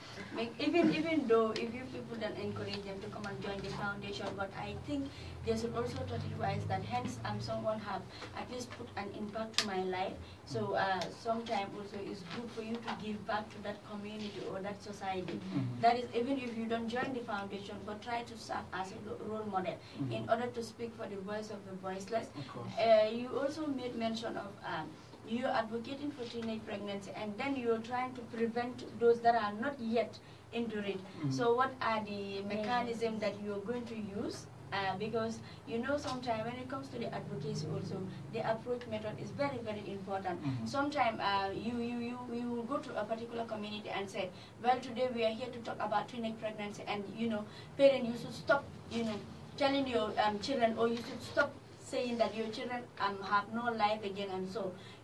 even even though if you people don't encourage them to come and join the foundation, but I think they should also totally wise that hence um, someone have at least put an impact to my life. So uh, sometimes also it's good for you to give back to that community or that society. Mm -hmm. That is, even if you don't join the foundation, but try to serve as a role model mm -hmm. in order to speak for the voice of the voiceless. Of uh, you also made mention of um, you advocating for teenage pregnancy and then you're trying to prevent those that are not yet into it. Mm -hmm. So what are the mechanisms that you're going to use uh, because you know sometimes when it comes to the advocacy also, the approach method is very, very important. Mm -hmm. Sometimes uh, you, you, you, you will go to a particular community and say, well, today we are here to talk about teenage pregnancy and, you know, parents, you should stop, you know, telling your um, children or you should stop saying that your children um, have no life again and so.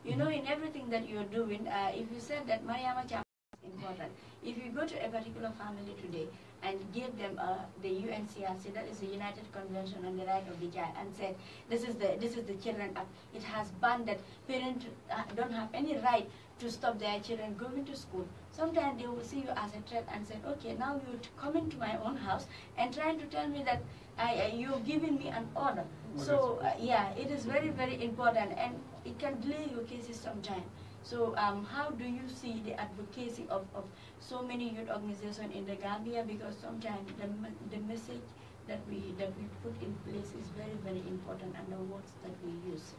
You know, in everything that you're doing, uh, if you said that Mariama is important, if you go to a particular family today, and give them a, the UNCRC, that is the United Convention on the Right of the Child, and said, this is the, this is the Children Act. It has banned that parents uh, don't have any right to stop their children going to school. Sometimes they will see you as a threat and say, okay, now you come into my own house and trying to tell me that I, uh, you're giving me an order. Well, so, uh, yeah, it is very, very important, and it can delay your cases sometimes. So um, how do you see the advocacy of, of so many youth organizations in the Gambia? Because sometimes the, the message that we that we put in place is very very important and the words that we use.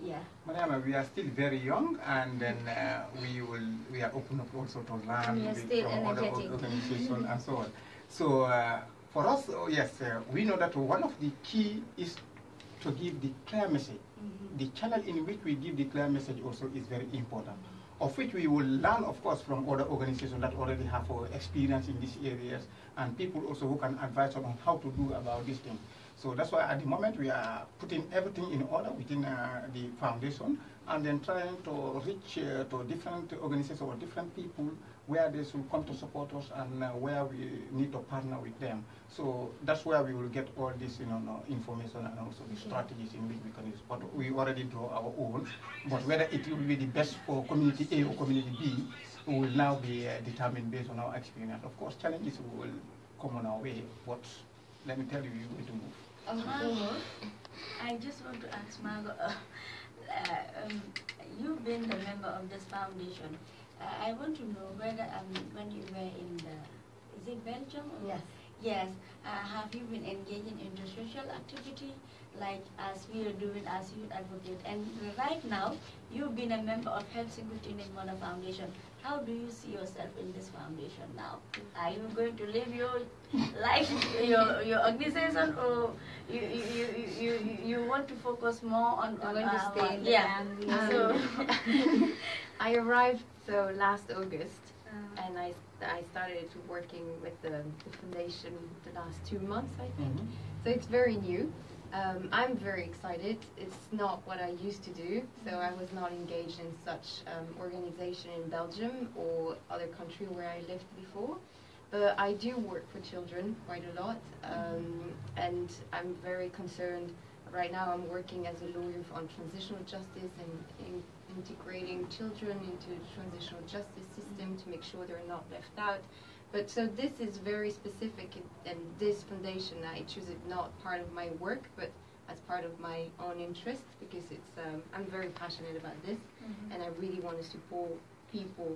Yeah. Madam, we are still very young, and then uh, we will we are open up also to learn from other organizations and so on. So uh, for us, oh, yes, uh, we know that one of the key is to give the clear message the channel in which we give the clear message also is very important, of which we will learn, of course, from other organizations that already have uh, experience in these areas and people also who can advise on how to do about this thing. So that's why at the moment we are putting everything in order within uh, the foundation and then trying to reach uh, to different organizations or different people where they should come to support us and uh, where we need to partner with them. So that's where we will get all this you know, information and also the strategies in which we can use. But we already draw our own. But whether it will be the best for community A or community B will now be uh, determined based on our experience. Of course, challenges will come on our way, but let me tell you, um, you will move. Uh, I just want to ask Margot, uh, uh um, you've been a member of this foundation. Uh, I want to know whether um, when you were in the, is it Belgium? yes. Yes. Uh, have you been engaged in intersocial activity like as we are doing as youth advocate? And right now, you've been a member of Health Security Nirmala Foundation. How do you see yourself in this foundation now? Are you going to live your life, your, your organization, or you, you, you, you, you want to focus more on... on uh, stay yeah. Um, so. I arrived so last August, uh. and I I started working with the, the, foundation the last two months, I think. Mm -hmm. So it's very new. Um, I'm very excited. It's not what I used to do, so I was not engaged in such um, organization in Belgium or other country where I lived before. But I do work for children quite a lot, um, and I'm very concerned. Right now, I'm working as a lawyer on transitional justice and integrating children into the transitional justice system to make sure they're not left out. But so this is very specific, and, and this foundation, I choose it not part of my work, but as part of my own interest because it's um, I'm very passionate about this, mm -hmm. and I really want to support people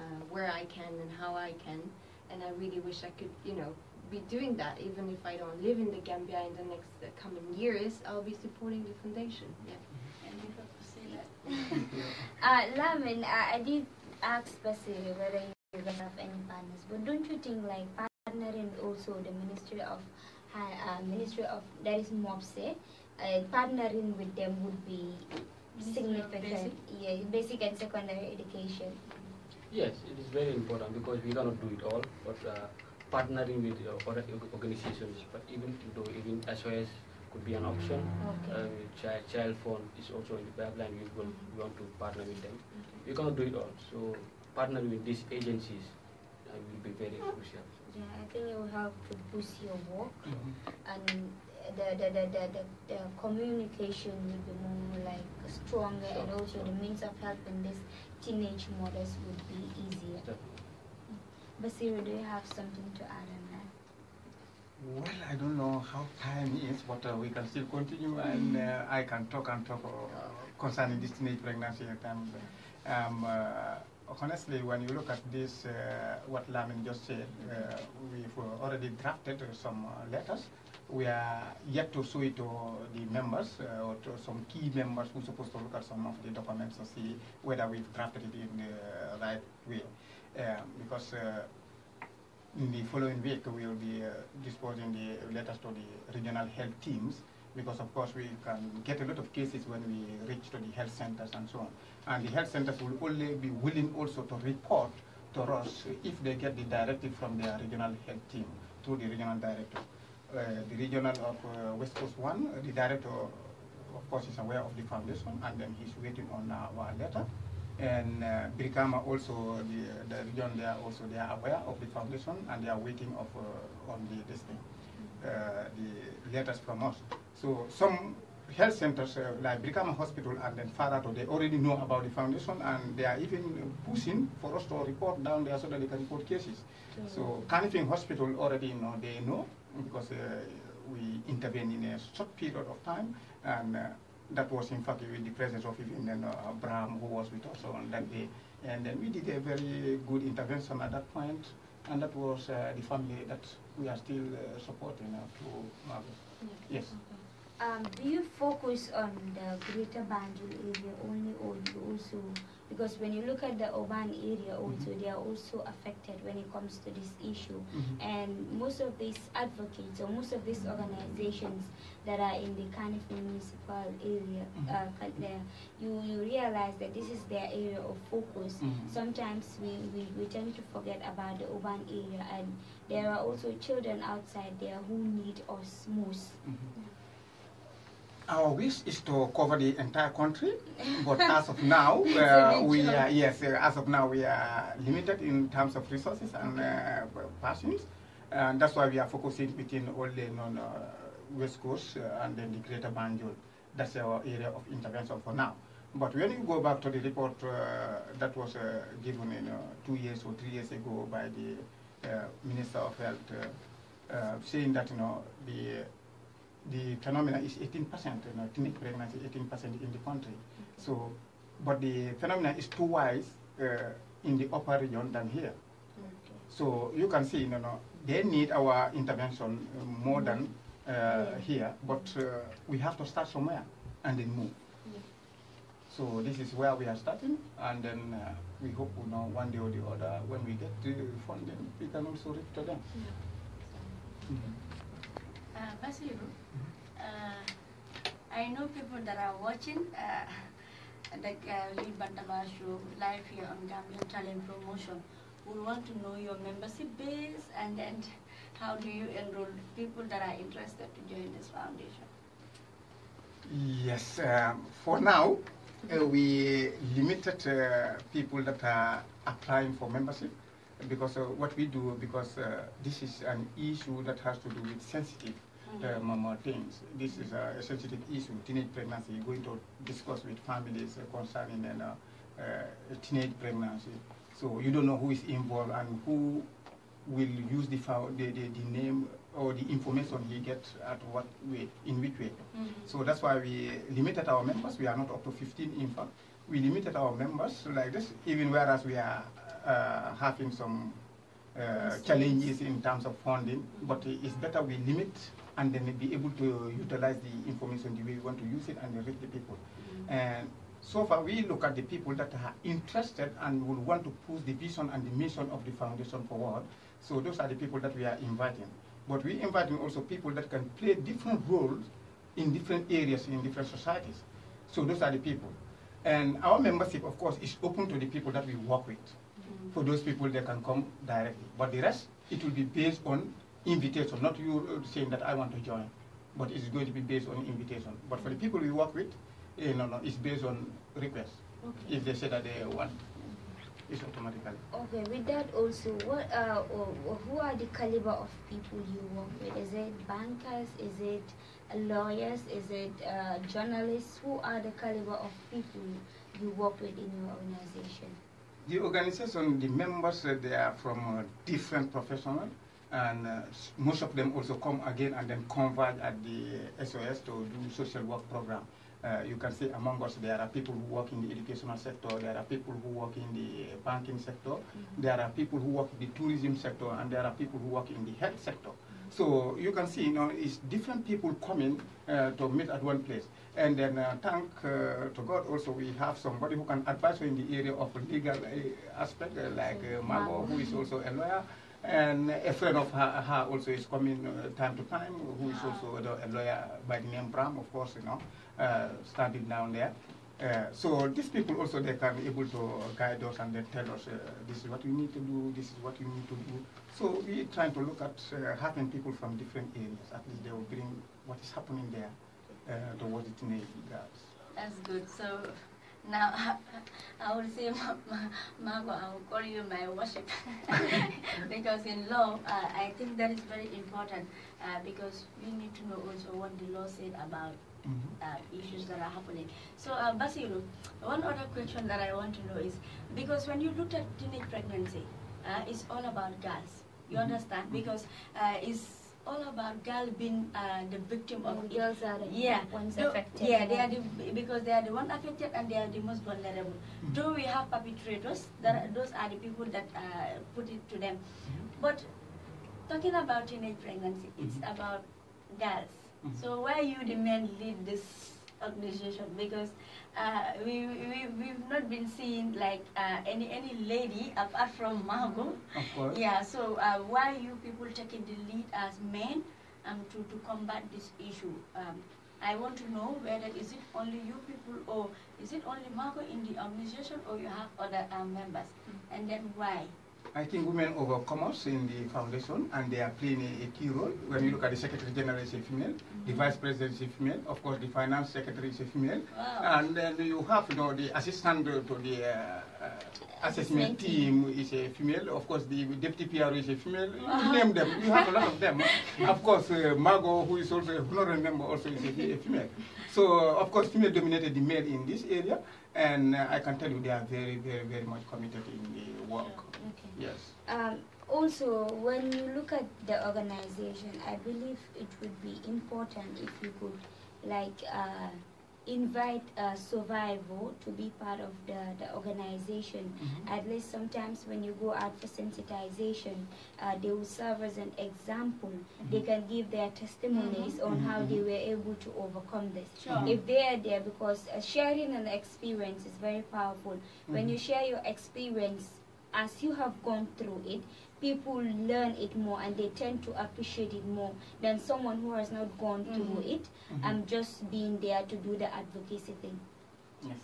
uh, where I can and how I can, and I really wish I could, you know, be doing that. Even if I don't live in the Gambia in the next uh, coming years, I'll be supporting the foundation. Yeah uh, Lamin, I, ah, I did ask specifically whether you gonna have any partners, but don't you think like partnering also the Ministry of uh, Ministry of that is MOPSE, uh, eh, partnering with them would be significant. Basic? Yeah, basic and secondary education. Yes, it is very important because we cannot do it all, but uh, partnering with other organizations, but even though even SOS could be an option. Okay. child, child phone is also in the pipeline. We, will, mm-hmm. we want to partner with them. Okay. You cannot do it all. So partner with these agencies uh, will be very crucial. Yeah, I think it will help to boost your work mm -hmm. and the, the, the, the, the, communication will be more like stronger sure. and also the means of helping these teenage mothers would be easier. Definitely. Basira, do you have something to add well, I don't know how time is, but uh, we can still continue, and hmm. uh, I can talk and talk uh, concerning this teenage pregnancy And um, uh, honestly, when you look at this, uh, what Lamin just said, we've already drafted some letters. We are yet to show it to the members, or to some key members who are supposed to look at some of the documents and see whether we've drafted it in the right way. Um, because in the following week, we will be uh, disposing the letters to the regional health teams because, of course, we can get a lot of cases when we reach to the health centers and so on. And the health centers will only be willing also to report to us if they get the directive from their regional health team through the regional director. Uh, the regional of uh, West Coast 1, the director, of course, is aware of the foundation, and then he's waiting on our letter. And uh, Brikama also, the, the region are also, they are aware of the foundation and they are waiting of, uh, on the, this thing, uh, the letters from us. So some health centers uh, like Brikama Hospital and then Farato, they already know about the foundation and they are even pushing for us to report down there so that they can report cases. Okay. So Kanifing Hospital already know, they know because uh, we intervene in a short period of time and uh, that was in fact with the presence of even uh, Bram, who was with us on that day. And then we did a very good intervention at that point, and that was uh, the family that we are still uh, supporting uh, to Marvel. Yeah. Yes. Okay. Um, do you focus on the greater Banjul area only, or you also because when you look at the urban area also mm -hmm. they are also affected when it comes to this issue mm -hmm. and most of these advocates or most of these organizations that are in the Cardiff municipal area mm-hmm. uh, you, you realize that this is their area of focus mm -hmm. sometimes we, we, we tend to forget about the urban area and there are also children outside there who need us most mm-hmm. Our wish is to cover the entire country, but as of now, uh, we are yes, uh, as of now we are limited in terms of resources and uh, persons, and uh, that's why we are focusing within all the uh, West Coast uh, and then the Greater Banjul. That's our area of intervention for now. But when you go back to the report that was given you know, two years or three years ago by the Minister of Health, saying that you know the the phenomena is 18%, you know, teenage pregnancy 18% in the country. So, but the phenomena is twice uh, in the upper region than here. Okay. So you can see, you know, they need our intervention uh, more than uh, yeah. here, but uh, we have to start somewhere and then move. So this is where we are starting, and then uh, we hope, you know, one day or the other, when we get the funding, we can also reach to them. Yeah. Mm -hmm. Uh, I know people that are watching the uh, uh Lead Bandama show live here on Gambian Talent Promotion. We want to know your membership base and then how do you enroll people that are interested to join this foundation? Yes, um, for now, uh, we limited uh, people that are applying for membership because uh, what we do, because this is an issue that has to do with sensitive um, uh, things. This is a sensitive issue, teenage pregnancy, going to discuss with families uh, concerning uh, and, teenage pregnancy. So you don't know who is involved and who will use the, the, the, the name or the information he gets at what way, in which way. Mm -hmm. So that's why we limited our members. We are not up to 15, in fact. We limited our members like this, even whereas we are uh, having some uh, challenges in terms of funding. But it's better we limit and then be able to utilize the information the way we want to use it and reach the people. Mm-hmm. And so far, we look at the people that are interested and will want to push the vision and the mission of the foundation forward. So those are the people that we are inviting. But we inviting also people that can play different roles in different areas, in different societies. So those are the people. And our membership, of course, is open to the people that we work with. Mm -hmm. For those people, they can come directly. But the rest, it will be based on invitation, not you uh, saying that I want to join, but it's going to be based on invitation. But for the people we work with, eh, no, no, it's based on request. Okay. If they say that they want, it's automatically. Okay, with that also, what uh, who are the caliber of people you work with? Is it bankers? Is it lawyers? Is it uh, journalists? Who are the caliber of people you work with in your organization? The organization, the members, uh, they are from uh, different professionals and uh, most of them also come again and then converge at the SOS to do social work program. Uh, you can see among us there are people who work in the educational sector, there are people who work in the banking sector, mm -hmm. there are people who work in the tourism sector, and there are people who work in the health sector. Mm-hmm. So you can see, you know, it's different people coming uh, to meet at one place. And then uh, thank uh, to God also we have somebody who can advise in the area of legal uh, aspect, uh, like uh, mm-hmm. Mago, who is mm-hmm. also a lawyer, and a friend of her, her also is coming uh, time to time, who is also a, lawyer by the name Bram, of course, you know, uh, standing down there. Uh, so these people also, they can be able to guide us and they tell us, this is what you need to do, this is what you need to do. So we're trying to look at having people from different areas. At least they will bring what is happening there towards the teenage girls. That's good. So now I, I will say, Margot, I will call you my worship because in law, uh, I think that is very important uh, because we need to know also what the law said about mm -hmm. uh, issues that are happening. So, uh, Basiru, one other question that I want to know is because when you looked at teenage pregnancy, uh, it's all about girls. You mm -hmm. understand? Mm-hmm. Because uh, it's all about girls being uh, the victim of and it. Girls are the yeah. ones Yeah, they are the, because they are the one affected and they are the most vulnerable. Mm -hmm. we have perpetrators, that those are the people that uh, put it to them. Mm -hmm. But talking about teenage pregnancy, it's mm -hmm. about girls. Hmm. So why you the men lead this organization? Because uh, we, we, we've not been seeing like uh, any any lady apart from Margot. Of course. Yeah, so uh, why you people taking the lead as men um, to, to combat this issue? Um, I want to know whether is it only you people or is it only Margot in the organization or you have other um, members? Mm -hmm. And then why? I think women overcome us in the foundation and they are playing a, key role. When you look at the Secretary General, it's a female. Mm -hmm the vice president is a female, of course the finance secretary is a female, wow. and then you have you know, the assistant to the uh, uh assessment team is a female, of course the deputy PR is a female, wow. you name them, you have a lot of them. of course uh, Margot, who is also a honorary member, also is a, a female. So uh, of course female dominated the male in this area, and uh, I can tell you they are very, very, very much committed in the work. Okay. Yes. Um, also, when you look at the organization, I believe it would be important if you could like uh, invite a survivor to be part of the, the organization. Mm -hmm. At least sometimes when you go out for sensitization, uh, they will serve as an example. Mm -hmm. They can give their testimonies mm -hmm. on how mm-hmm. they were able to overcome this. Sure. If they are there, because uh, sharing an experience is very powerful. When mm-hmm. you share your experience as you have gone through it, people learn it more and they tend to appreciate it more than someone who has not gone through mm -hmm. it. Mm -hmm. I'm just being there to do the advocacy thing. Yes.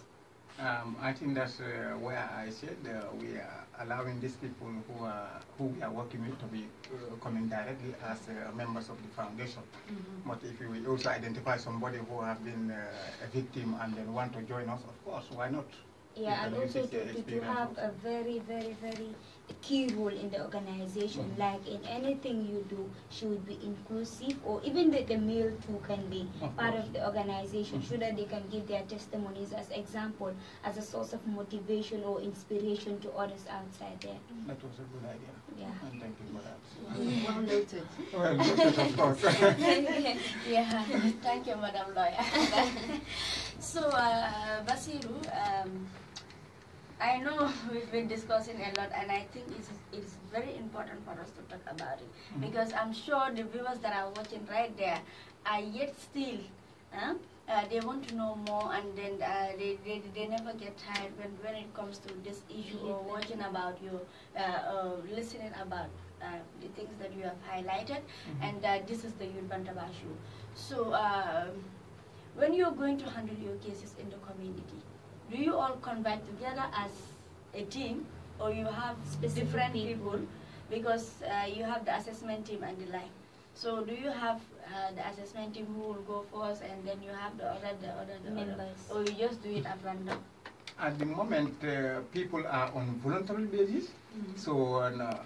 Um, I think that's uh, where I said uh, we are allowing these people who are who we are working with to be uh, coming directly as uh, members of the foundation. Mm -hmm. But if we also identify somebody who have been uh, a victim and then want to join us, of course, why not? Yeah, and also uh, to, to, to have a very, very, very key role in the organization. Mm-hmm. Like in anything you do, she would be inclusive, or even the, the male too can be of part course. of the organization, mm-hmm. so that they can give their testimonies as example, as a source of motivation or inspiration to others outside there. Mm-hmm. That was a good idea. Yeah. And thank you for that. Well noted. well noted, of course. yeah. Thank you, Madam Lawyer. so, uh, Basiru. Um, I know we've been discussing a lot, and I think it's, it's very important for us to talk about it mm -hmm. because I'm sure the viewers that are watching right there are yet still. Huh? Uh, they want to know more and then uh, they, they, they never get tired when, when it comes to this issue or watching about you, uh, listening about uh, the things that you have highlighted mm -hmm. and uh, this is the Tabashu. So um, when you're going to handle your cases in the community, do you all convert together as a team or you have Specific different people, people because uh, you have the assessment team and the like. So do you have uh, the assessment team who will go first and then you have the other, the other, the members, or you just do it at random? At the moment, uh, people are on voluntary basis, mm -hmm. so uh,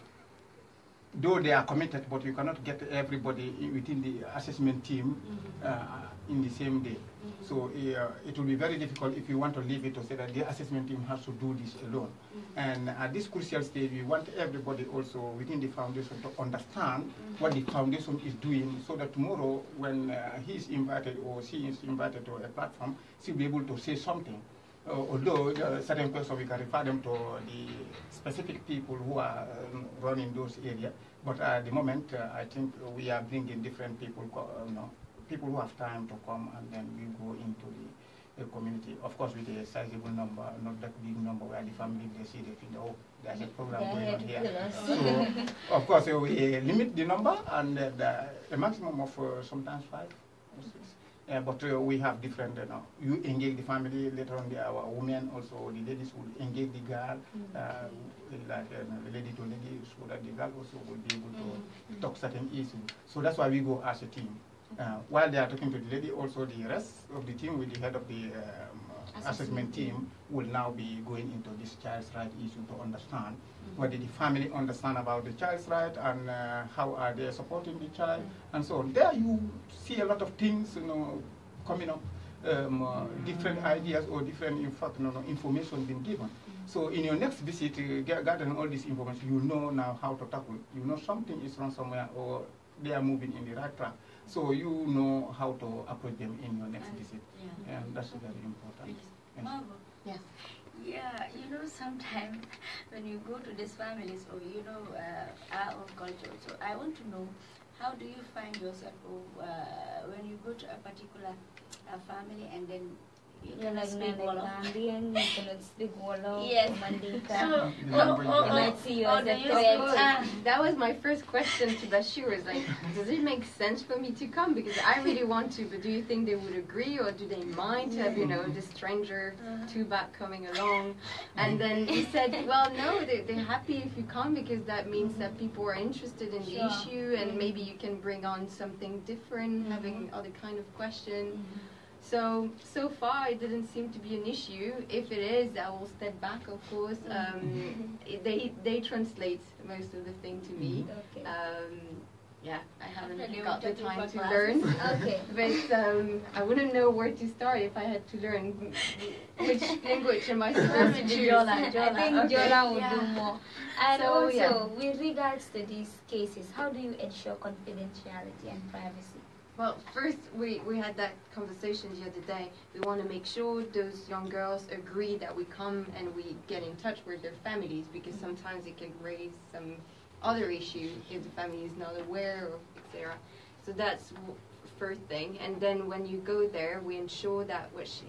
though they are committed, but you cannot get everybody within the assessment team mm -hmm in the same day. Mm -hmm. So uh, it will be very difficult if you want to leave it to say that the assessment team has to do this alone. Mm -hmm. And at this crucial stage, we want everybody also within the foundation to understand mm -hmm. what the foundation is doing so that tomorrow when uh, he is invited or she is invited to a platform, she'll be able to say something. Uh, although uh, certain questions we can refer them to the specific people who are um, running those areas, but at the moment, uh, I think we are bringing different people uh, you know, people who have time to come and then we go into the, community. Of course, with a sizable number, not that big number where the family, they see, they feel, oh, there's a program yeah, going on here. so, of course, we limit the number and uh, the, a maximum of uh, sometimes five or six. Uh, but uh, we have different, you know, you engage the family, later on the, our women also, the ladies will engage the girl, mm -hmm. uh, like uh, lady to lady, so that the girl also will be able to mm -hmm. talk certain issues. So that's why we go as a team. Uh, while they are talking to the lady, also the rest of the team with the head of the um, assessment, assessment team will now be going into this child's right issue to understand mm -hmm. what did the family understand about the child's right and uh, how are they supporting the child mm -hmm. and so on. There you see a lot of things you know, coming up, um, uh, mm -hmm. different ideas or different in fact, you know, information being given. Mm-hmm. So in your next visit, uh, gathering all this information, you know now how to tackle. You know something is wrong somewhere or they are moving in the right track. So you know how to approach them in your next visit. Yeah. And that's very important. Yes. Yeah. Yeah, you know, sometimes when you go to these families or, you know, uh, our own culture, so I want to know how do you find yourself oh, uh, when you go to a particular uh, family and then yes. Oh, oh, oh, ah, ah. That was my first question to Bashir, was like, does it make sense for me to come? Because I really want to, but do you think they would agree or do they mind to have, you know, the stranger uh-huh. too back coming along? And then he said, well, no, they, they're happy if you come because that means that people are interested in sure. the issue and mm-hmm. maybe you can bring on something different, mm -hmm. having mm-hmm. other kind of question. Mm -hmm. So, so far it didn't seem to be an issue. If it is, I will step back, of course. Mm-hmm. Um, they, they translate most of the thing to me. Mm-hmm. Okay. Um, yeah, I haven't got the time to learn. okay. But um, I wouldn't know where to start if I had to learn which language am I supposed to choose. Jola, Jola. I think okay. Jola would yeah. do more. And so, also, yeah. with regards to these cases, how do you ensure confidentiality and privacy? Well, first we, we had that conversation the other day. We want to make sure those young girls agree that we come and we get in touch with their families because sometimes it can raise some other issue if the family is not aware of etc. So that's first thing. And then when you go there, we ensure that what she,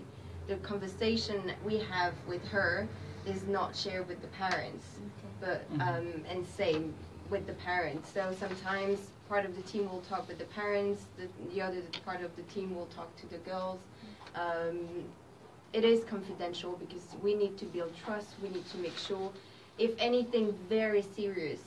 the conversation we have with her is not shared with the parents, okay. but mm-hmm. um, and same with the parents. So sometimes part of the team will talk with the parents, the, the other part of the team will talk to the girls. Um, it is confidential because we need to build trust, we need to make sure if anything very serious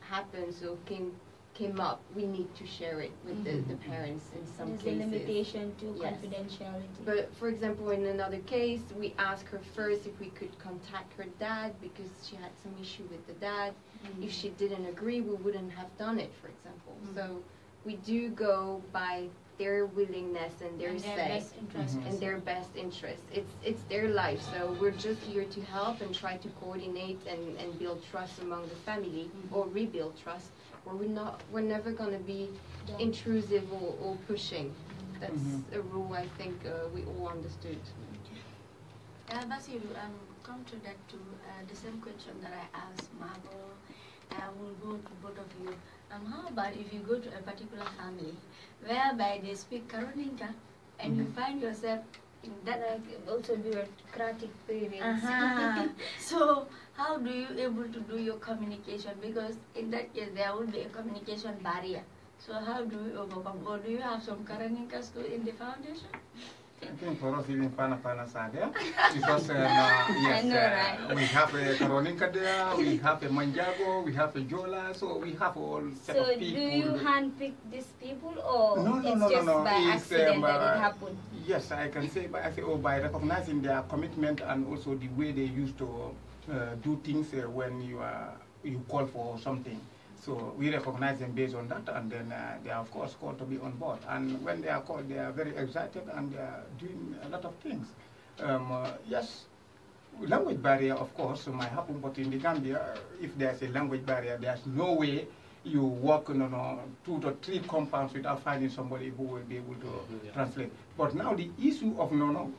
happens or came, came up, we need to share it with mm -hmm. the, the, mm-hmm. parents in some There's cases. There's a limitation to yes. confidentiality. But for example, in another case, we asked her first if we could contact her dad because she had some issue with the dad. If she mm-hmm. didn't agree, we wouldn't have done it, for example. Mm. So we do go by their willingness and their, and their say best interest. Mm-hmm. and their best interest. It's it's their life, so we're just here to help and try to coordinate and, and build trust among the family mm-hmm. or rebuild trust. Where we're not we're never going to be yeah. intrusive or, or pushing. That's mm-hmm. a rule I think uh, we all understood. Okay. Uh, Basil, um, come to that too. Uh, the same question that I asked Marvel I will go to both of you. And how about if you go to a particular family whereby they speak Karolinga and you mm-hmm. find yourself in that like also bureaucratic period. Uh-huh. so how do you able to do your communication? Because in that case there will be a communication barrier. So how do you overcome? Or do you have some Karolinga too in the foundation? for us even Wim Panapana Saga because uh, yes, uh, we have a Karolinka we have a Manjago, we have a Jola, so we have all set so of people. So do you handpick these people or no, no, it's no, just no, by it's, accident um, that it um, uh, happened? Yes, I can say by, I say, oh, by recognizing their commitment and also the way they used to uh, do things uh, when you, are, you call for something. So we recognize them based on that, and then uh, they are, of course, called to be on board. And when they are called, they are very excited and they are doing a lot of things. Um, uh, yes, language barrier, of course, might happen, but in the Gambia, if there's a language barrier, there's no way you walk you know, two to three compounds without finding somebody who will be able to mm-hmm, yeah. translate. But now the issue of you know,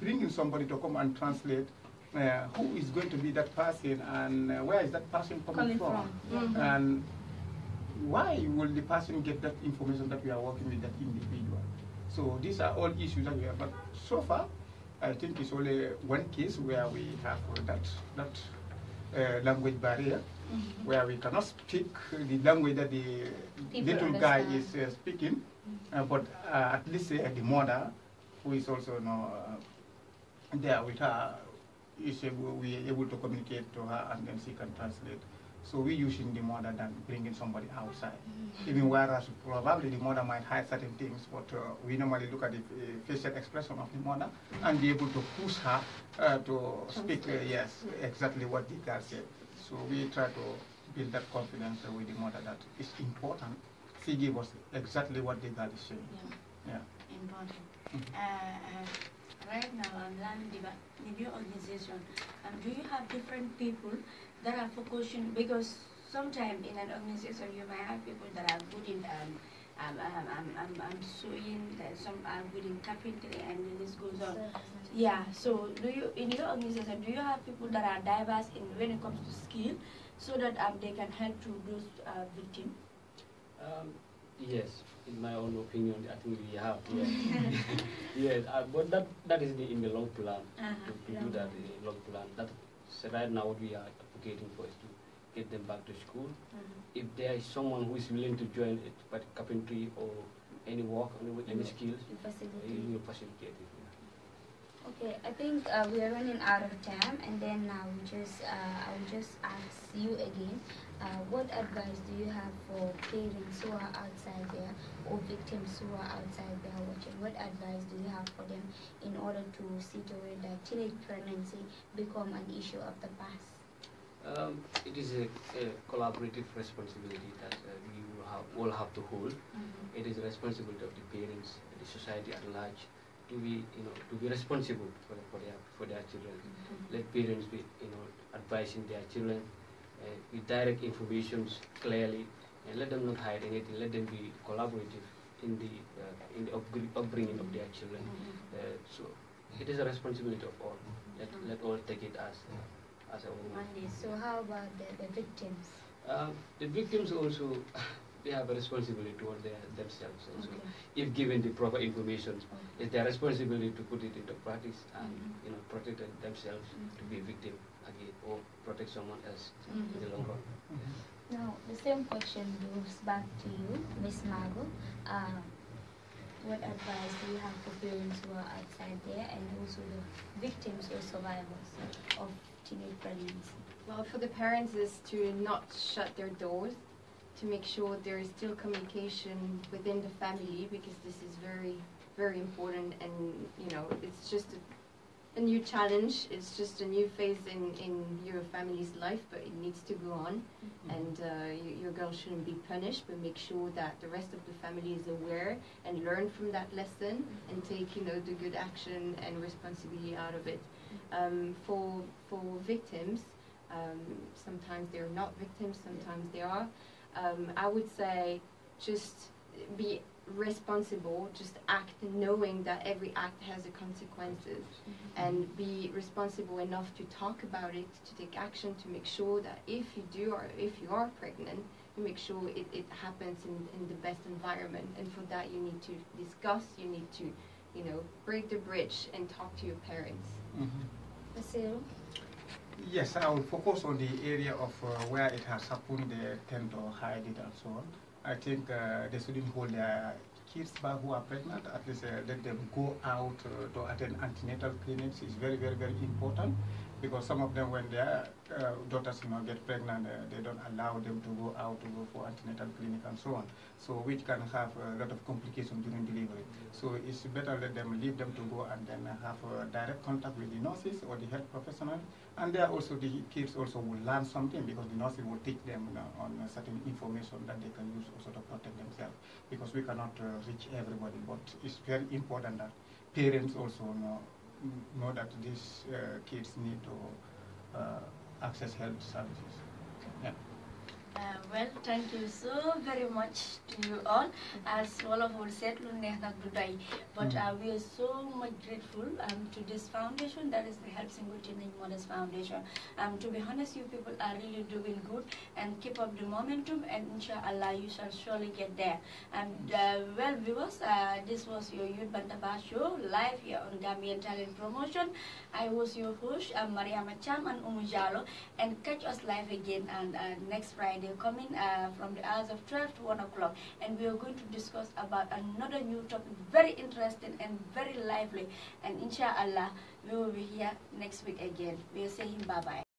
bringing somebody to come and translate uh, who is going to be that person and uh, where is that person coming, coming from, from. Mm-hmm. and why will the person get that information that we are working with that individual so these are all issues that we have but so far I think it's only one case where we have that that uh, language barrier mm -hmm. where we cannot speak the language that the People little guy is uh, speaking mm -hmm. but uh, at least the mother who is also you know, there with her is able, we are able to communicate to her and then she can translate. So we're using the mother than bringing somebody outside. Mm. Even whereas probably the mother might hide certain things, but uh, we normally look at the uh, facial expression of the mother and be able to push her uh, to speak, uh, yes, exactly what the girl said. So we try to build that confidence with the mother that it's important. She give us exactly what the girl is saying. Yeah. yeah. Important. Mm -hmm right now on in your organization, um, do you have different people that are focusing, because sometimes in an organization you might have people that are good in um, um, um, um, um, um, sewing, some are good in carpentry, and this goes on. Yeah, so do you, in your organization, do you have people that are diverse in when it comes to skill, so that um, they can help to those uh, victims? Um, Yes, in my own opinion, I think we have. Yes, yes uh, but that that is in the, in the long plan. Uh -huh, to, to do that in the long plan. That right now what we are advocating for is to get them back to school. Mm -hmm. If there is someone who is willing to join it, but carpentry or any work, any, any skills, you will facilitate it. Okay, I think uh, we are running out of time, and then I uh, will just uh, I will just ask you again. Uh, what advice do you have for parents who are outside there or victims who are outside there watching? What advice do you have for them in order to see to it that teenage pregnancy become an issue of the past? Um, it is a, a, collaborative responsibility that uh, we will have, all have to hold. Mm -hmm. It is a responsibility of the parents, the society at large, to be you know to be responsible for, for their for their children. Mm-hmm. Let parents be you know advising their children uh, with direct informations clearly, and let them not hide anything. Let them be collaborative in the uh, in the upbringing of their children. Mm-hmm. Uh, so it is a responsibility of all. Let mm-hmm. let all take it as as a woman. So how about the, the victims? Uh, the victims also. they have a responsibility towards their, themselves also. Okay. If given the proper information, okay. it's their responsibility to put it into practice and mm -hmm. you know protect themselves mm -hmm. to be a mm-hmm. victim again or protect someone else mm -hmm. in mm-hmm. the long run. Yeah. Mm-hmm. Now the same question moves back to you, Miss Mago. Um, what advice do you have for parents who are outside there and also the victims or survivors of teenage pregnancy? Well, for the parents is to not shut their doors to make sure there is still communication within the family because this is very, very important and, you know, it's just a, a new challenge. It's just a new phase in, in your family's life, but it needs to go on. Mm -hmm. And uh, your girl shouldn't be punished, but make sure that the rest of the family is aware and learn from that lesson mm-hmm. and take, you know, the good action and responsibility out of it. Mm-hmm. Um, for, for victims, um, sometimes they're not victims, sometimes they are um, I would say just be responsible, just act knowing that every act has a consequences mm -hmm. and be responsible enough to talk about it, to take action, to make sure that if you do or if you are pregnant, you make sure it, it happens in, in the best environment and for that you need to discuss, you need to, you know, break the bridge and talk to your parents. Mm -hmm. Yes, I will focus on the area of uh, where it has happened, the tend to hide it and so on. I think uh, they shouldn't hold their kids back who are pregnant, at least uh, let them go out uh, to attend antenatal clinics is very, very, very important because some of them, when their uh, daughters you know, get pregnant, uh, they don't allow them to go out to go for antenatal clinic and so on. So which can have a lot of complications during delivery. So it's better let them leave them to go and then have direct contact with the nurses or the health professional. And there also the kids also will learn something because the nurses will teach them you know, on certain information that they can use also to protect themselves. Because we cannot uh, reach everybody, but it's very important that parents also you know, Know that these uh, kids need to uh, access health services. Uh, well, thank you so very much to you all. As all of us said, Dubai. But hmm. uh, we are so much grateful um, to this foundation that is the Help Single Teenage Mothers Foundation. Um, to be honest, you people are really doing good and keep up the momentum and inshallah you shall surely get there. And hmm. uh, well, viewers, uh, this was your Youth Bantaba show live here on Gambian Talent Promotion. I was your host, um, uh, Maria Macham and Umujalo. And catch us live again on uh, next Friday they're coming uh, from the hours of 12 to 1 o'clock. And we are going to discuss about another new topic, very interesting and very lively. And inshallah, we will be here next week again. We are saying bye-bye.